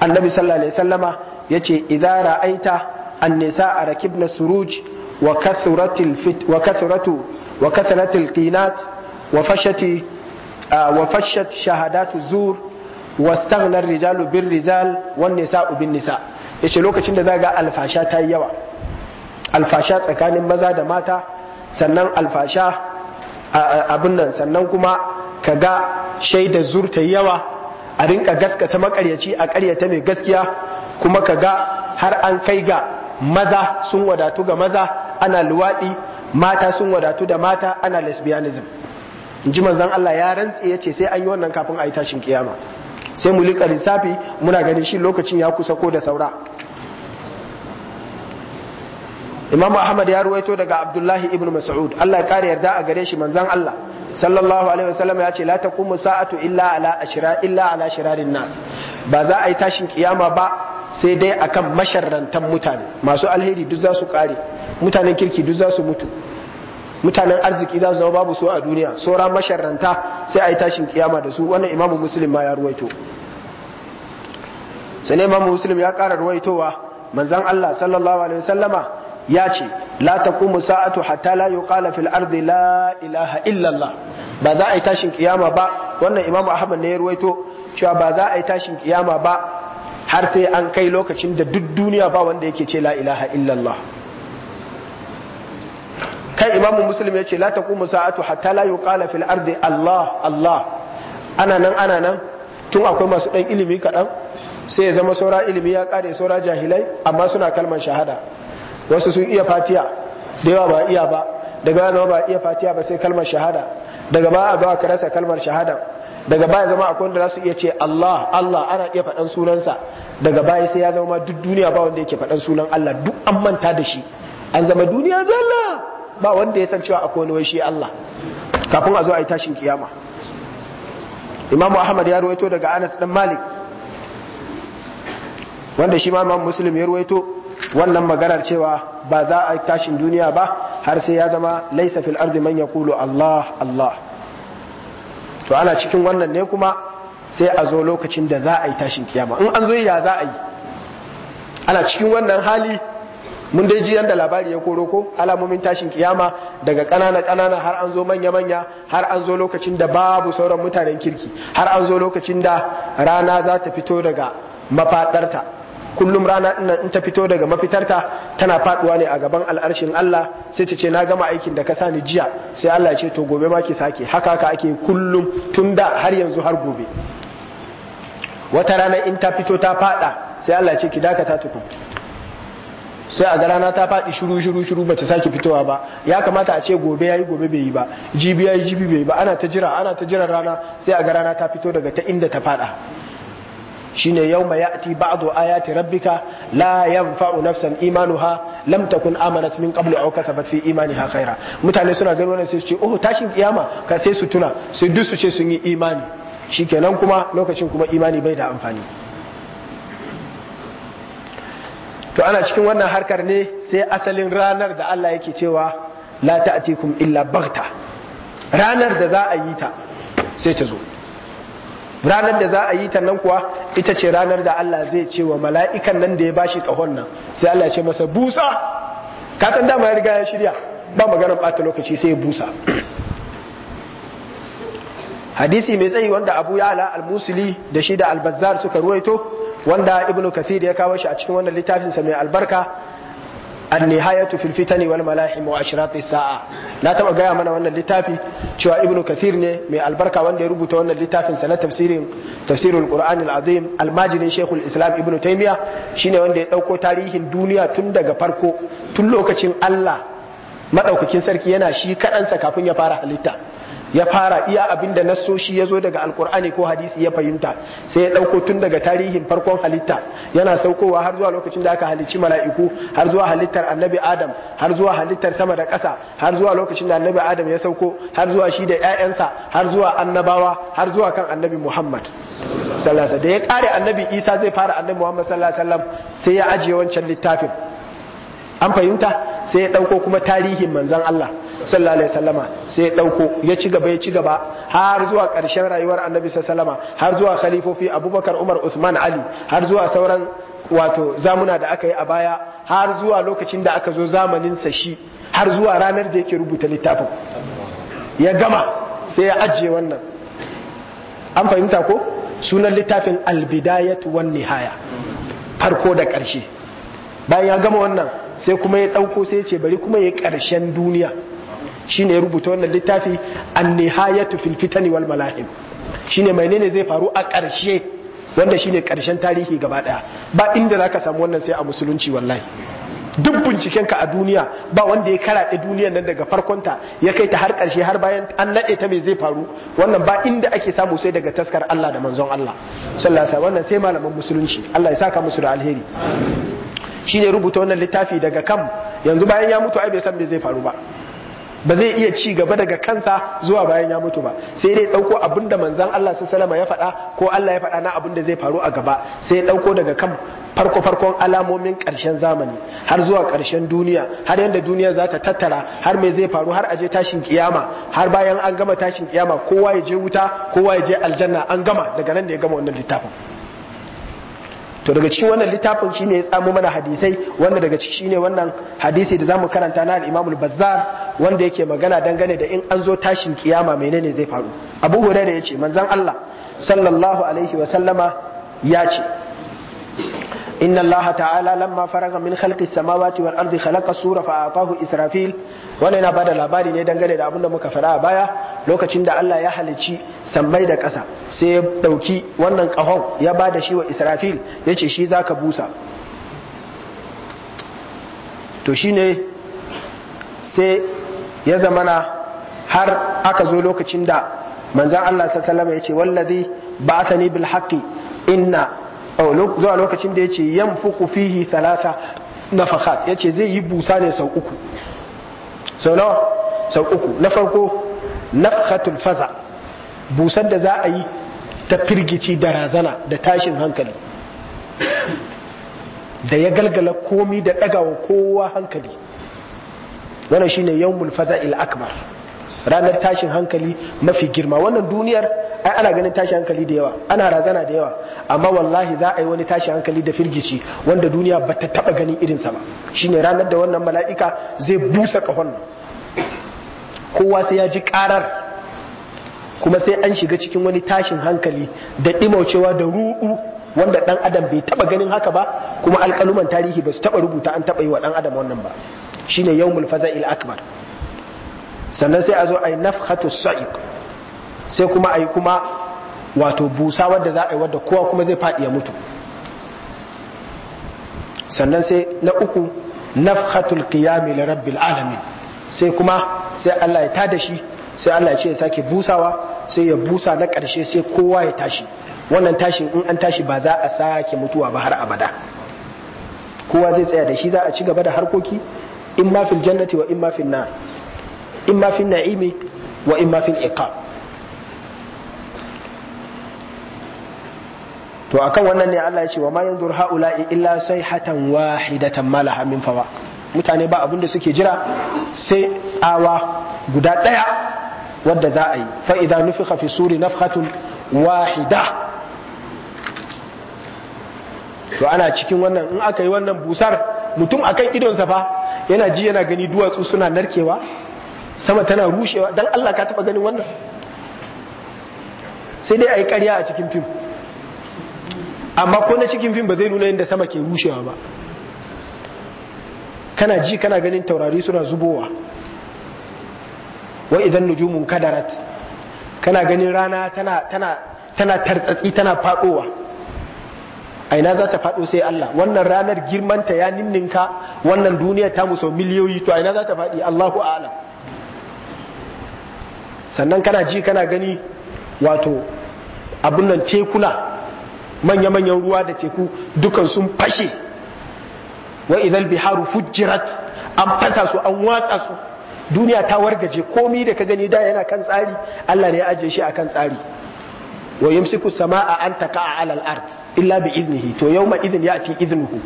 annabi sallallahu alaihi wasallama yace idza ra'aita an nisa a rakib na suruj وكثرت الفت وكثرت zur wa وفشت وفشت شهادات rizal واستغنى nisa ubin nisa. Ya ce lokacin da za ga alfasha ta yi yawa alfasha tsakanin maza da mata sannan alfasha abin nan sannan kuma ka ga shaida zur ta yi yawa a rinka gaskata makaryaci a karyata mai gaskiya kuma ka ga har an kai ga maza sun wadatu ga maza ana luwaɗi mata sun wadatu da mata ana lesbianism in ji manzan Allah ya rantse ya ce sai an yi wannan kafin a yi tashin kiyama sai mu liƙa lissafi muna ganin shi lokacin ya kusa ko da saura Imam Ahmad ya ruwaito daga Abdullahi ibn Mas'ud Allah ya kare yarda a gare shi manzan Allah sallallahu alaihi wasallam ya ce la taqumu sa'atu illa ala ashra illa ala shirarin nas ba za a yi tashin kiyama ba sai dai akan masharrantan mutane masu alheri duk za su kare mutanen kirki duk za su mutu mutanen arziki za su zama babu su a duniya saura masharranta sai a yi tashin kiyama da su wannan imamu muslim ma ya ruwaito sai imamu muslim ya ƙara ruwaitowa manzan allah sallallahu alaihi wasallama ya ce la taqumu sa'atu hatta la yuqala fil ardi la ilaha illallah ba za a yi tashin kiyama ba wannan imamu ahmad ne ya ruwaito cewa ba za a yi tashin kiyama ba har sai an kai lokacin da duk duniya ba wanda yake ce la ilaha illallah kai imamu muslim ya ce la taqumu sa'atu hatta la yuqala fil ardi Allah Allah ana nan ana nan tun akwai masu ɗan ilimi kaɗan sai ya zama saura ilimi ya kare saura jahilai amma suna kalmar shahada wasu sun iya fatiya da yawa ba iya ba daga yana ba iya fatiya ba sai kalmar shahada daga ba a zuwa ka rasa kalmar shahada daga baya zama akwai wanda za su iya ce Allah Allah ana iya faɗan sunansa daga baya sai ya zama duk duniya ba wanda yake faɗan sunan Allah duk an manta da shi an zama duniya zalla ba wanda ya san cewa akwai wani shi Allah kafin a zo a yi tashin kiyama imamu ahmad ya ruwaito daga anas dan malik wanda shi ma imamu muslim ya ruwaito wannan maganar cewa ba za a yi tashin duniya ba har sai ya zama laisa fil ardi man yaqulu Allah Allah to ana cikin wannan ne kuma sai a zo lokacin da za a yi tashin kiyama in an zo ya za a yi ana cikin wannan hali mun dai ji yadda labari ya koro ko alamomin tashin kiyama daga ƙanana ƙanana har an zo manya manya har an zo lokacin da babu sauran mutanen kirki har an zo lokacin da rana za ta fito daga mafadarta kullum rana ina in ta fito daga mafitarta tana faduwa ne a gaban al'arshin Allah sai ta ce na gama aikin da ka sani jiya sai Allah ya ce to gobe ma ki sake haka haka ake kullum tun da har yanzu har gobe wata rana in ta fito ta fada sai Allah ya ce ki dakata tukun sai a ga rana ta faɗi shiru shiru shiru bata sake fitowa ba ya kamata a ce gobe yayi gobe bai yi ba jibi yayi jibi bai yi ba ana ta jira ana ta jira rana sai a ga rana ta fito daga ta inda ta faɗa shine yawma ya'ti ba'du ayati rabbika la yanfa'u nafsan imanuha lam takun amanat min qablu aw kasabat fi imaniha khaira mutane suna ganin wannan sai su ce oh tashin kiyama ka sai su tuna sai duk su ce sun yi imani shikenan kuma lokacin kuma imani bai da amfani to ana cikin wannan harkar ne sai asalin ranar da Allah yake cewa la ta'tikum illa baghta ranar da za a yi ta sai ta zo ranar da za a yi ta nan kuwa ita ce ranar da Allah zai ce wa mala'ikan nan da ya bashi kahon nan sai Allah ya ce masa busa ka san dama ya riga ya shirya ba maganar bata lokaci sai ya busa hadisi mai tsayi wanda Abu Ya'la al-Musili da shi da Al-Bazzar suka ruwaito wanda ibn kathir ya kawo shi a cikin wannan littafin sa mai albarka an-nihayatu fil fitani wal malahim wa ashrati sa'a na taba gaya mana wannan littafi cewa ibn kathir ne mai albarka wanda ya rubuta wannan littafin sa na tafsirin tafsirul qur'an al-azim al-majidin shaykhul islam ibn taymiya shine wanda ya dauko tarihin duniya tun daga farko tun lokacin Allah madaukakin sarki yana shi kadansa kafin ya fara halitta ya fara iya abin da nassoshi ya zo daga alkur'ani ko hadisi ya fahimta sai ya ɗauko tun daga tarihin farkon halitta yana saukowa har zuwa lokacin da aka halicci mala'iku har zuwa halittar annabi adam har zuwa halittar sama da ƙasa har zuwa lokacin da annabi adam ya sauko har zuwa shi da ƴaƴansa har zuwa annabawa har zuwa kan annabi muhammad sallallahu da ya kare annabi isa zai fara annabi muhammad sallallahu alaihi wasallam sai ya ajiye wancan littafin an fahimta sai ya ɗauko kuma tarihin manzan Allah sallallahu alaihi wasallama sai ya ɗauko ya ci gaba ya ci gaba har zuwa ƙarshen rayuwar annabi sallallahu har zuwa khalifofi abubakar umar usman ali har zuwa sauran wato zamuna da aka yi a baya har zuwa lokacin da aka zo zamanin sa shi har zuwa ranar da yake rubuta littafin ya gama sai ya ajiye wannan an fahimta ko sunan littafin albidayatu wan nihaya farko da ƙarshe bayan ya gama wannan sai kuma ya ɗauko sai ya ce bari kuma ya ƙarshen duniya ne ya rubuta wannan littafi an-nihayatu wal malahim shine menene zai faru a ƙarshe wanda shi ne ƙarshen tarihi gaba ɗaya ba inda za ka samu wannan sai a musulunci wallahi duk bincikenka a duniya ba wanda ya karaɗe duniyar nan daga farkonta ya kai ta har ƙarshe har bayan an naɗe ta mai zai faru wannan ba inda ake samu sai daga taskar Allah da manzon Allah sallallahu wannan sai malaman musulunci Allah ya saka musu da alheri Shi ne rubuta wannan littafi daga kan yanzu bayan ya mutu ai bai san me zai faru ba ba zai iya ci gaba daga kansa zuwa bayan ya mutu ba sai dai dauko abin da manzon Allah sallallahu ya faɗa ko Allah ya faɗa na abin da zai faru a gaba sai ya dauko daga kan farko farkon alamomin ƙarshen zamani har zuwa ƙarshen duniya har yadda duniya za ta tattara har me zai faru har aje tashin kiyama har bayan an gama tashin kiyama kowa ya je wuta kowa ya je aljanna an gama daga nan da ya gama wannan littafin to daga cikin wannan littafin shine ya tsamo mana hadisai wanda daga ciki shine wannan hadisi da zamu karanta na al-Imam al-Bazzar wanda yake magana dangane da in an zo tashin kiyama menene zai faru Abu Hurairah yace manzon Allah sallallahu alaihi wa sallama ya ce إن الله تعالى لما فرغ من خلق السماوات والأرض خلق السورة فأعطاه إسرافيل wannan yana bada labari ne dangane da abunda muka faɗa a baya lokacin da Allah ya halicci sammai da ƙasa sai ya ɗauki wannan kahon ya ba da shi wa Israfil ya ce shi ka busa to shine sai ya zama na har aka zo lokacin da manzan Allah sallallahu alaihi wasallam ya ce wallazi ba'athani bil haqqi inna Oh, zuwa lokacin da yace yan fihi fahad ya yace zai yi busa ne sau uku sau nawa sau uku na farko nafkhatul faza busar da za a yi ta firgici da razana da tashin hankali da ya galgala komi da ɗagawa kowa hankali wannan shine mulfaza il akbar ranar tashin hankali mafi girma wannan duniyar ai ana ganin tashi hankali da yawa ana razana da yawa amma wallahi za a yi wani tashi hankali da firgici wanda duniya ba ta taba ganin sa ba shine ranar da wannan mala'ika zai busa kahon kowa sai ya ji karar kuma sai an shiga cikin wani tashin hankali da ɗimaucewa da ruɗu wanda ɗan adam bai taba ganin haka ba kuma alƙaluman tarihi ba su taɓa rubuta an taba yi wa ɗan adam wannan ba shine yawmul faza'il akbar sannan sai a zo ai nafhatu sa'iq sai kuma a yi kuma wato busa wadda za a yi wadda kowa kuma zai faɗi ya mutu sannan sai na uku nafhatul qiyami li rabbil alamin sai kuma sai Allah ya tada shi sai Allah ya ce ya sake busawa sai ya busa na ƙarshe sai kowa ya tashi wannan tashin in an tashi ba za a sake mutuwa ba har abada kowa zai tsaya da shi za a ci gaba da harkoki in ma fil jannati wa in ma fil na'imi wa in ma fil iqab to akan wannan ne Allah ya ce wa ma yanzur haula illa sayhatan wahidatan malaha min fawa mutane ba abin suke jira sai tsawa guda daya wadda za a yi fa idza nufikha fi suri nafhatun wahida to ana cikin wannan in aka yi wannan busar mutum akan idonsa fa yana ji yana gani duwatsu suna narkewa sama tana rushewa dan Allah ka taba ganin wannan sai dai ayi karya a cikin fim amma ko na cikin fim ba zai nuna yadda sama ke rushewa ba kana ji kana ganin taurari suna zubowa wa idan nujumun kadarat kana ganin rana tana tana tana tartsatsi tana fadowa aina za ta fado sai Allah wannan ranar girmanta ya ninninka wannan duniya ta musu miliyoyi to aina za ta fadi Allahu a'lam sannan kana ji kana gani wato abun nan tekuna manya-manyan ruwa da teku dukan sun fashe wa idan biharu fujjirat an fasa su an watsa su duniya ta wargaje komi da ka gani da yana kan tsari Allah ne ya ajiye shi akan tsari wa sama samaa an taqa'a alal art illa bi iznihi to yawma idin ya'ti iznuhu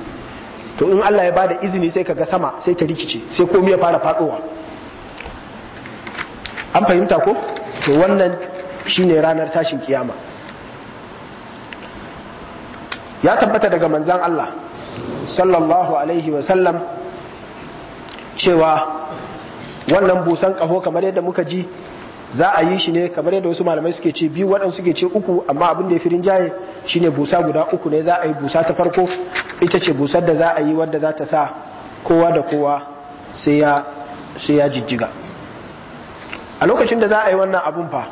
to in Allah ya bada izini sai kaga sama sai ta rikice sai komi ya fara fadowa an fahimta ko to wannan shine ranar tashin kiyama ya tabbata daga manzan Allah sallallahu alaihi wasallam cewa wannan busan kaho kamar yadda muka ji za a yi shi ne kamar yadda wasu malamai suke ce biyu waɗansu suke ce uku amma abin da ya fi jaye shine busa guda uku ne za a yi busa ta farko ita ce busar da za a yi wadda za ta sa kowa da kowa sai ya jijjiga a lokacin da za a yi wannan abun fa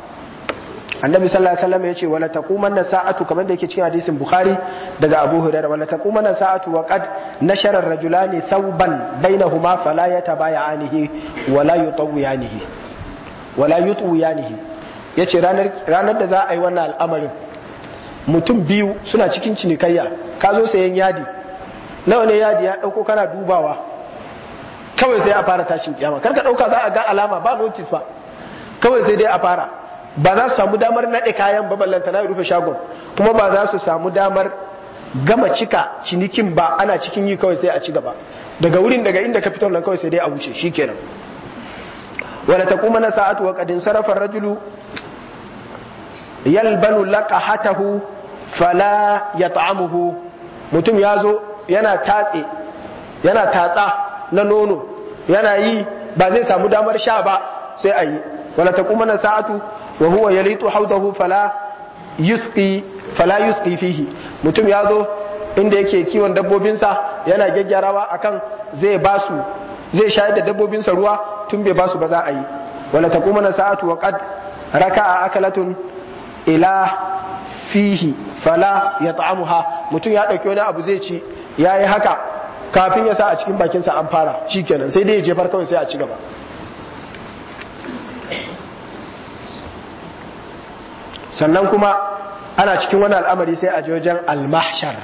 annabi sallallahu alaihi wasallam yace wala taquman sa'atu kamar da yake cikin hadisin bukhari daga abu hurairah wala taquman sa'atu wa qad nashara ar-rajulani thawban bainahuma fala yatabayanihi wala yutawiyanihi wala yutawiyanihi yace ranar ranar da za a yi wannan al'amarin mutum biyu suna cikin cinikayya ka zo sayan yadi nawa ne yadi ya dauko kana dubawa kawai sai a fara tashin kiyama karka dauka za a ga alama ba notice ba kawai sai dai a fara ba za su samu damar naɗe kayan ba ballanta na rufe shagon kuma ba za su samu damar gama cika cinikin ba ana cikin yi kawai sai a ci gaba daga wurin daga inda ka fito nan kawai sai dai a wuce kenan. wala taquma na sa'atu wa qadin sarafa ar-rajulu yalbanu hatahu fala ya ta'amuhu mutum ya zo yana tatse yana tatsa na nono yana yi ba zai samu damar sha ba sai a yi wala kuma na sa'atu wa huwa yalitu haudahu fala yusqi fala yusqi fihi mutum ya zo inda yake kiwon dabbobinsa yana gyaggyarawa akan zai su zai shayar da dabbobinsa ruwa tun bai basu ba za a yi wala taquma na sa'atu wa qad raka'a akalatun ila fihi fala yat'amuha mutum ya dauki wani abu zai ci yayi haka kafin ya sa a cikin bakinsa an fara shikenan sai dai ya jefar kawai sai a ci gaba sannan kuma ana cikin wani al'amari sai a je wajen almahshar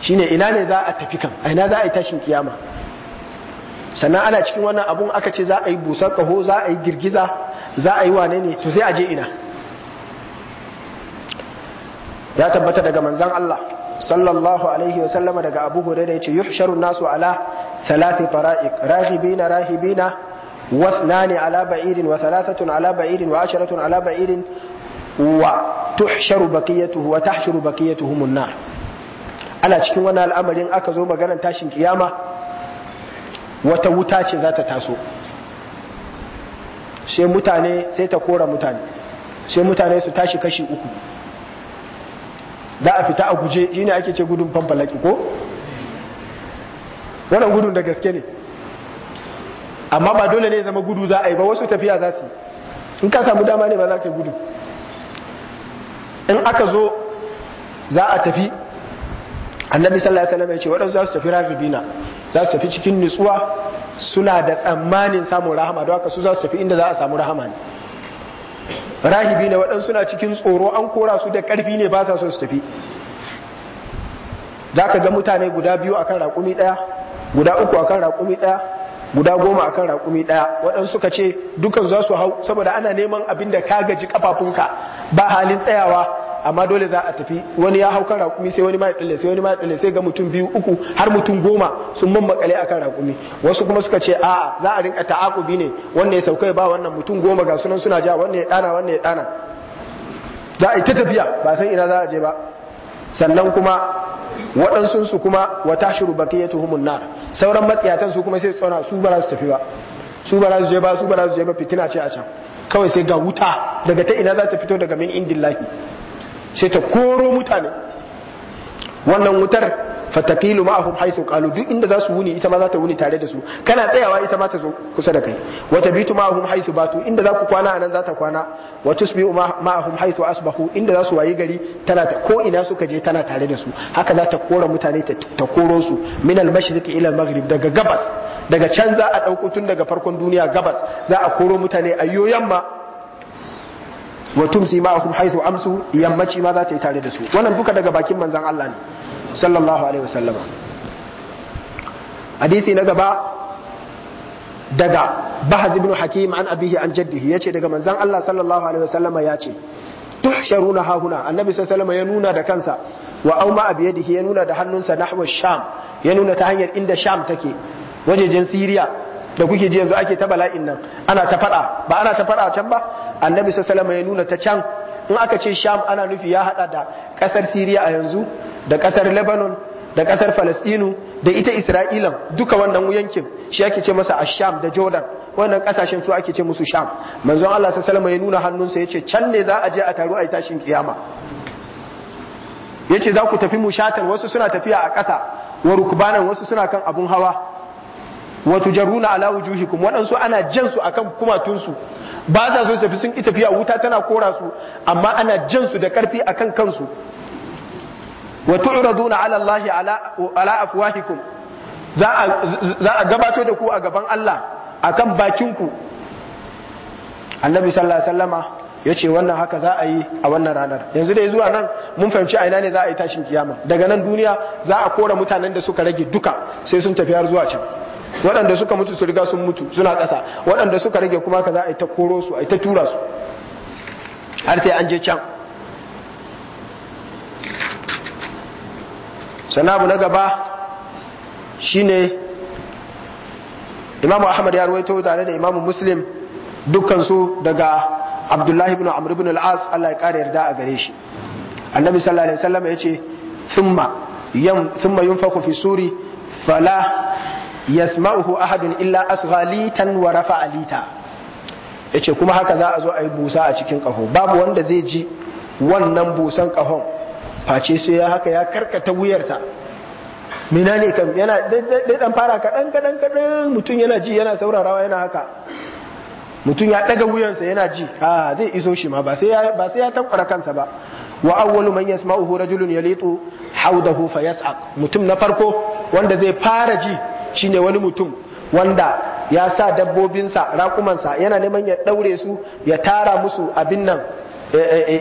shine ina ne za a tafi kan ina za a yi tashin kiyama sannan ana cikin wannan abun aka ce za a yi busar kaho za a yi girgiza za a yi wane ne to sai a je ina ya tabbata daga manzan Allah sallallahu alaihi wa sallama daga Abu da ce yace yuhsharu nasu ala thalathi tara'iq rahibina rahibina ba'irin wa بعير ala ba'irin wa وعشرة ala ba'irin wa tuhsharu baqiyatuhu wa tahshuru baqiyatuhum ana cikin wani al'amarin aka zo maganar tashin kiyama wata wuta ce za ta taso sai mutane sai ta kora mutane sai mutane su tashi kashi uku za a fita a guje shine ake ce gudun fanfalaki ko wannan gudun da gaske ne amma ba dole ne zama gudu za a yi ba wasu tafiya za su in ka samu dama ne ba za ka yi gudu in aka zo za a tafi annabi sallallahu alaihi wasallam ya ce waɗansu za su tafi rafibina za su tafi cikin nutsuwa suna da tsammanin samun rahama don haka su za su tafi inda za a samu rahama ne rahibi ne waɗansu suna cikin tsoro an kora su da ƙarfi ne ba sa so su tafi za ka ga mutane guda biyu akan raƙumi ɗaya guda uku akan raƙumi ɗaya guda goma akan raƙumi ɗaya waɗansu suka ce dukan za su hau saboda ana neman abin da ka gaji ƙafafunka ba halin tsayawa amma dole za a tafi wani ya hau kan raƙumi sai wani ma ya dalle sai wani ma ya dalle sai ga mutum biyu uku har mutum goma sun mamakale makale akan raƙumi wasu kuma suka ce a'a za a rinka ta'aqubi ne wannan ya sauka ba wannan mutum goma ga sunan suna ja wannan ya dana wannan ya dana za a yi ta tafiya ba san ina za a je ba sannan kuma waɗansu su kuma wa tashiru baqiyatuhumun nar sauran matsiyatan su kuma sai tsona su ba su tafi ba su ba za su je ba su ba za su je ba fitina ce a can kawai sai ga wuta daga ta ina za ta fito daga min indillahi sai ta koro mutane wannan wutar fatakilu ma'ahu haisu qalu duk inda za su wuni ita ma za ta wuni tare da su kana tsayawa ita ma ta zo kusa da kai wa tabitu ma'ahu haisu batu inda za ku kwana anan za ta kwana wa tusbihu ma'ahu haisu asbahu inda za su wayi gari tana ta ko ina suka je tana tare da su haka za ta kora mutane ta koro su min al-mashriq ila al-maghrib daga gabas daga can za a dauko tun daga farkon duniya gabas za a koro mutane ayyo yamma wa tumsi ma'akum haythu amsu yammaci ma za ta yi tare da su wannan duka daga bakin manzon Allah ne sallallahu alaihi wasallama hadisi na gaba daga bahaz ibn hakim an abihi an jaddihi yace daga manzon Allah sallallahu alaihi wasallama yace tuhsharuna hahuna annabi sallallahu ya nuna da kansa wa auma abiyadihi ya nuna da hannunsa nahwa sham ya nuna ta hanyar inda sham take wajejen siriya da kuke ji yanzu ake ta bala'in nan ana ta fada ba ana ta fada can ba annabi sallallahu ya nuna ta can in aka ce sham ana nufi ya hada da kasar siriya a yanzu da kasar lebanon da kasar falastinu da ita isra'ilan duka wannan yankin shi ake ce masa asham da jordan wannan kasashen su ake ce musu sham manzon allah sallallahu ya nuna hannunsa ya ce can ne za a je a taru a tashin kiyama ya ce za ku tafi mushatan wasu suna tafiya a ƙasa wa rukbanan wasu suna kan abun hawa wa tujarruna ala wujuhikum waɗansu ana jan su akan kumatunsu ba sa so tafi sun ki tafiya wuta tana kora su amma ana jan su da karfi akan kansu wa tu'raduna ala allahi ala afwahikum za a za a gabato da ku a gaban Allah akan bakin ku annabi sallallahu alaihi wasallama ya ce wannan haka za a yi a wannan ranar yanzu da zuwa nan mun fahimci a ina ne za a yi tashin kiyama daga nan duniya za a kora mutanen da suka rage duka sai sun tafi har zuwa can waɗanda suka mutu su riga sun mutu suna ƙasa waɗanda suka rage kuma ka za a yi ta koro su a yi ta tura su har sai an je can sannan na gaba shine imamu ahmad ya ruwaito tare da imamu muslim dukkansu daga abdullahi bin amr bin al Allah ya kare yarda a gare shi annabi sallallahu alaihi wasallam ya ce sun ma thumma yunfakhu suri fala yasma'uhu ahadun illa asghalitan litan wa rafa'alita lita yace kuma haka za a zo a yi busa a cikin kaho babu wanda zai ji wannan busan kahon face sai ya haka ya karkata wuyarsa mina ne kam yana dai dan fara kadan kadan kadan mutum yana ji yana saurarawa yana haka mutum ya daga wuyansa yana ji a zai iso shi ma ba sai ya ba sai ya tankura kansa ba wa awwalu man yasma'uhu rajulun yalitu hawdahu fayas'aq mutum na farko wanda zai fara ji shine wani mutum wanda ya sa dabbobinsa rakumansa yana neman ya ɗaure su ya tara musu abin nan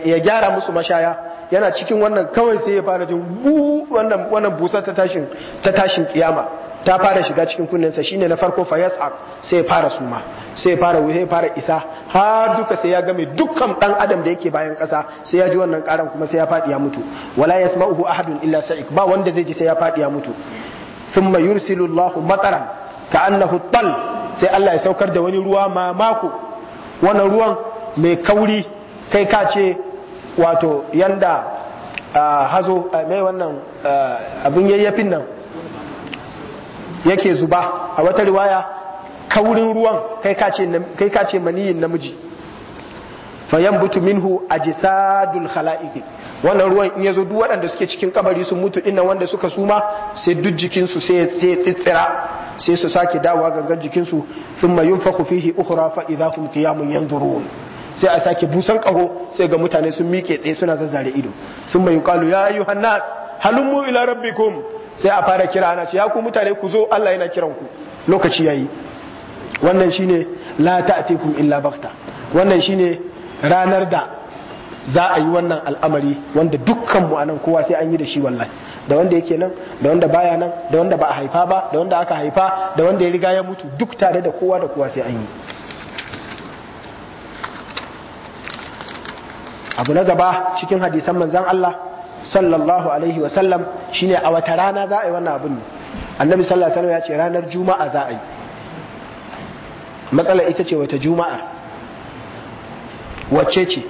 ya gyara musu mashaya yana cikin wannan kawai sai ya fara jin wannan busar ta tashin ta tashin kiyama ta fara shiga cikin kunninsa shine na farko fa a sai ya fara suma sai ya fara sai ya fara isa har duka sai ya game dukkan dan adam da yake bayan kasa sai ya ji wannan karan kuma sai ya fadi ya mutu wala yasma'uhu ahadun illa sa'ik ba wanda zai ji sai ya fadi ya mutu thumma yursilu Allahu mataran ka'annahu tal sai Allah ya saukar da wani ruwa mako wannan ruwan mai kauri kai ka ce wato yanda hazo mai wannan abin yayyafin nan yake zuba a wata riwaya kaurin ruwan kai ka ce maniyin namiji fayan butu minhu a jisadul wannan ruwan in yazo duk waɗanda suke cikin kabari sun mutu dinnan wanda suka suma sai duk jikin su sai sai tsitsira sai su sake dawowa gangan jikin su thumma yunfakhu fihi ukhra fa idahum qiyamun yanzurun sai a sake busan kaho sai ga mutane sun miƙe tsaye suna zazzare ido sun mai yuqalu ya ayyuhan nas halummu ila rabbikum sai a fara kira ana ce ya ku mutane ku zo Allah yana kiran ku lokaci yayi wannan shine la ta'tikum illa baghta wannan shine ranar da za a yi wannan al'amari wanda dukkan mu anan kowa sai an yi da shi wallahi da wanda yake nan da wanda baya nan da wanda ba a haifa ba da wanda aka haifa da wanda ya riga ya mutu duk tare da kowa da kowa sai an yi abu na gaba cikin hadisan manzan Allah sallallahu alaihi wa sallam shine a wata rana za a yi wannan abin annabi sallallahu alaihi ya ce ranar juma'a za a yi Matsalar ita ce wata juma'ar wacce ce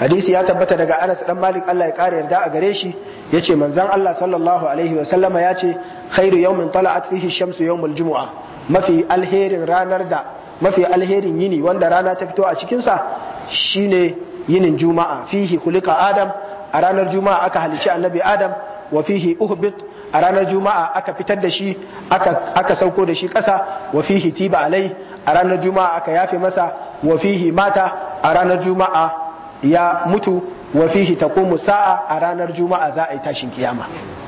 hadisi ya tabbata daga Anas dan Malik Allah ya kare yarda a gare shi yace manzon Allah sallallahu alaihi wa sallama yace khairu yawmin tala'at fihi shamsu yawmul jumu'a mafi alherin ranar da mafi alherin yini wanda rana ta fito a cikin sa shine yinin juma'a fihi kuluka adam a ranar juma'a aka halici annabi adam wa fihi uhbit a ranar juma'a aka fitar da shi aka sauko da shi ƙasa wa fihi tiba alai a ranar juma'a aka yafe masa wa fihi mata a ranar juma'a ya mutu wa fihi taqumu sa'a a ranar juma'a za a yi tashin kiyama min illa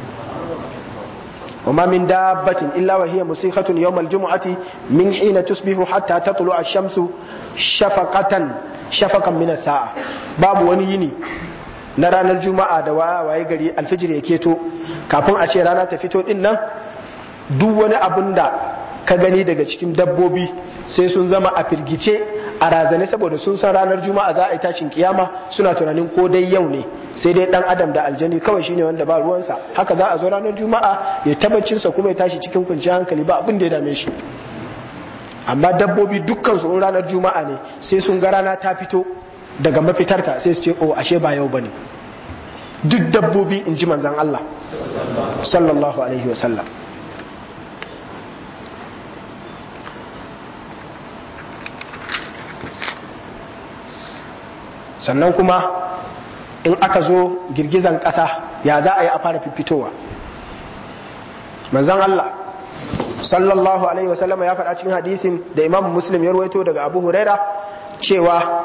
وما من دابة إلا وهي min hina tusbihu hatta tatlu ash shamsu shafaqatan shafaqan min as-sa'a babu wani yini na ranar juma'a da waye gari alfijir ya keto kafin a ce rana ta fito din nan duk wani abun da ka gani daga cikin dabbobi sai sun zama a firgice a razane saboda sun san ranar juma'a za a yi tashin kiyama suna tunanin ko dai yau ne sai dai dan adam da aljani kawai shine wanda ba ruwansa haka za a zo ranar juma'a ya tabbacin sa kuma ya tashi cikin kwanciyar hankali ba abin da ya dame shi amma dabbobi dukkan su ranar juma'a ne sai sun ga rana ta fito daga mafitarta sai su ce oh ashe ba yau bane duk dabbobi in ji manzon Allah sallallahu alaihi wasallam sannan kuma in aka zo girgizan ƙasa ya za a yi a fara fitowa manzon Allah sallallahu alaihi wasallam ya faɗa cikin hadisin da imam muslim ya ruwaito daga abu huraira cewa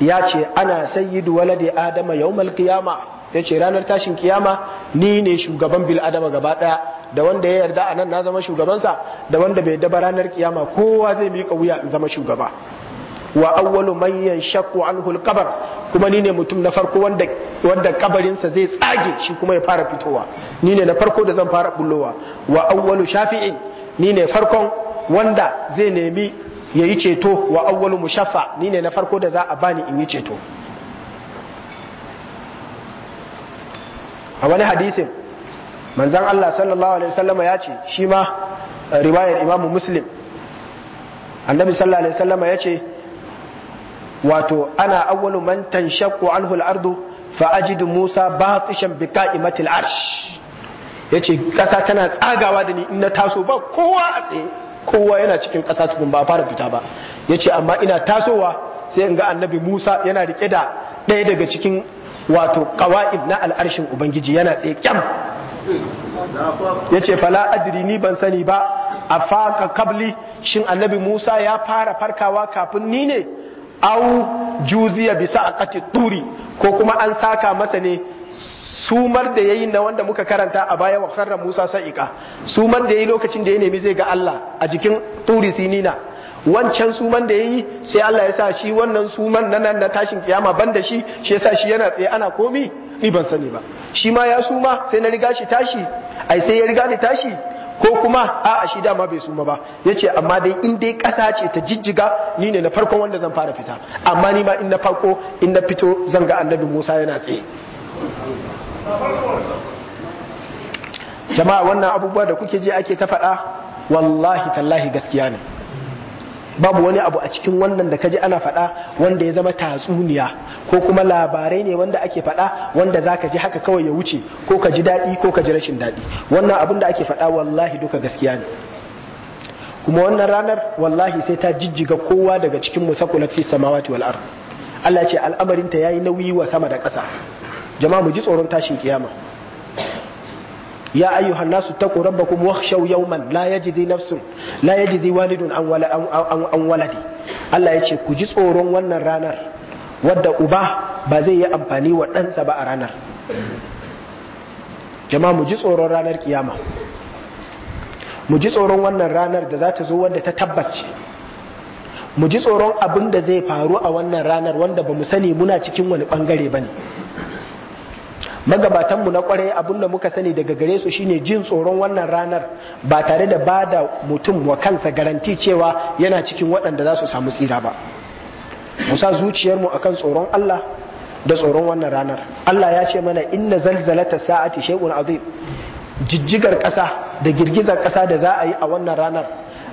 ya ce ana sayyidu walade adama yau qiyama ya ce ranar tashin kiyama ni ne shugaban bil adama gaba daya da wanda ya yarda a nan na zama shugabansa da wanda bai daba ranar kiyama kowa zai miƙa wuya in zama shugaba wa awwalu man yanshaqu anhu al-qabr kuma ni ne mutum na farko wanda wanda kabarinsa zai tsage shi kuma ya fara fitowa ni ne na farko da zan fara bullowa wa awwalu shafi'in ni ne farkon wanda zai nemi ya yi ceto wa awwalu mushaffa ni ne na farko da za a bani in yi ceto a wani hadisin manzan Allah sallallahu alaihi wasallam ya ce shi ma riwayar imamu muslim annabi sallallahu alaihi wasallam ya ce wato ana awwalu man tanshaqqu anhu al-ardu fa ajidu Musa batishan bi qa'imati al-arsh yace kasa tana tsagawa da ni in na taso ba kowa a tsaye kowa yana cikin kasa tukun ba fara fita ba yace amma ina tasowa sai in ga annabi Musa yana rike da ɗaya daga cikin wato qawaid na al'arshin ubangiji yana tsaye kyam yace fala adri ni ban sani ba afaka kabli shin annabi Musa ya fara farkawa kafin ni ne au juziya bisa a aqati turi ko kuma an saka masa ne sumar da ya yi na wanda muka karanta a baya wa kharra Musa ika. sumar da ya yi lokacin da ya nemi zai ga Allah a jikin turi sinina wancan suman da ya yi sai Allah ya sa shi wannan suman na nan na tashin kiyama banda shi shi sa shi yana tsaye ana komi ni ban sani ba shi ma ya suma sai na riga shi tashi ai sai ya riga ni tashi ko kuma a'a shi dama bai suma ba ya ce amma dai in dai ƙasa ce ta jijjiga ni ne na farkon wanda zan fara fita amma ni ma in na farko in na fito zan ga annabi Musa yana tsaye jama'a wannan abubuwa da kuke ji ake ta faɗa wallahi tallahi gaskiya ne babu wani abu a cikin wannan da kaji ana faɗa wanda ya zama tatsuniya ko kuma labarai ne wanda ake faɗa wanda za ka ji haka kawai ya wuce ko ka ji daɗi ko ka ji rashin daɗi wannan abin da ake faɗa wallahi duka gaskiya ne kuma wannan ranar wallahi sai ta jijjiga kowa daga cikin musakulat fi samawati wal ard Allah ce al'amarinta yayi nauyi wa sama da ƙasa jama'a mu ji tsoron tashin kiyama يا أيها الناس اتقوا ربكم واخشوا يوما لا يجزي نفس لا يجزي والد عن ولدي الله يجي كجي tsoron wannan ranar wadda uba ba zai yi amfani wa ɗansa ba a ranar jama'a mu ji tsoron ranar kiyama mu ji tsoron wannan ranar da za ta zo wanda ta tabbace mu ji tsoron abin da zai faru a wannan ranar wanda ba mu sani muna cikin wani bangare ba ne magabatanmu na kwarai abin da muka sani daga gare su shine jin tsoron wannan ranar ba tare da bada mutum wa kansa garanti cewa yana cikin waɗanda za su samu tsira ba mu sa zuciyarmu akan tsoron Allah da tsoron wannan ranar Allah ya ce mana inna zalzalata sa'ati shay'un azim jijjigar ƙasa da girgizar ƙasa da za a yi a wannan ranar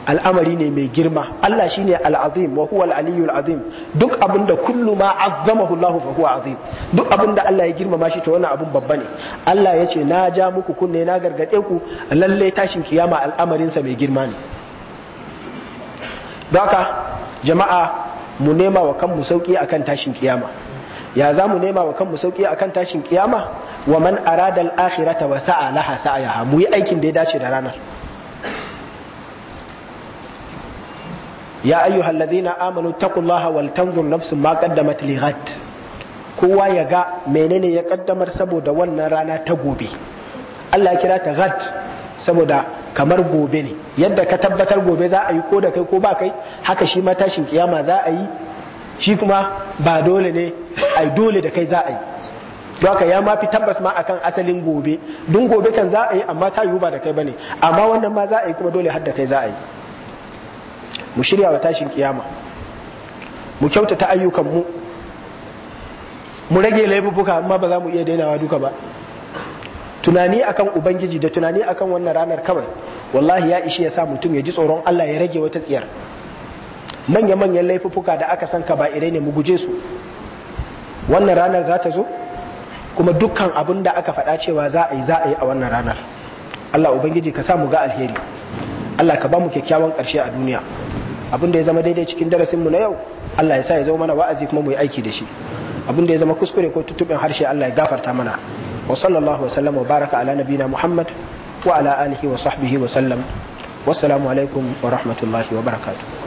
al'amari ne mai girma Allah shi ne al'azim wa huwa al’aliyu Al'azim azim duk abinda kullu ma azzamahu Allah fa huwa azim duk abinda Allah ya girmama shi to wannan abun babba ne Allah ya ce na ja muku kunne na gargade ku lalle tashin kiyama al'amarin mai girma ne haka jama'a mu nema wa kanmu sauki akan tashin kiyama ya za mu nema wa kanmu sauki akan tashin kiyama wa man arada al-akhirata wa sa'a laha sa'a ya mu yi aikin da ya dace da ranar ya ayyuhal ladina amanu taqullaha wal tanzur nafsun ma qaddamat lighat kowa ya ga menene ya kaddamar saboda wannan rana ta gobe Allah ya kira ta saboda kamar gobe ne yadda ka tabbatar gobe za a yi ko da kai ko ba kai haka shi ma tashin kiyama za a yi shi kuma ba dole ne ai dole da kai za a yi haka ya mafi tabbas ma akan asalin gobe dun gobe kan za a yi amma ta yi ba da kai bane amma wannan ma za a yi kuma dole har da kai za a yi mu shirya wa tashin kiyama mu kyautata ayyukan mu mu rage laifuka amma ba za mu iya dainawa duka ba tunani akan ubangiji da tunani akan wannan ranar kawai wallahi ya ishi ya sa mutum ya ji tsoron Allah ya rage wata tsiyar manya manyan laifuka da aka san ka ba irai ne mu guje su wannan ranar za ta zo kuma dukkan abin da aka faɗa cewa za a yi za a yi a wannan ranar Allah ubangiji ka sa mu ga alheri Allah ka ba mu kyakkyawan ƙarshe a duniya abin da ya zama daidai cikin darasin mu na yau Allah ya sa ya zama mana wa'azi kuma mu yi aiki da shi abin da ya zama kuskure ko tutubin harshe Allah ya gafarta mana wa sallallahu wa sallama wa baraka ala nabina Muhammad wa ala alihi wa sahbihi wa sallam wassalamu alaikum wa rahmatullahi wa barakatuh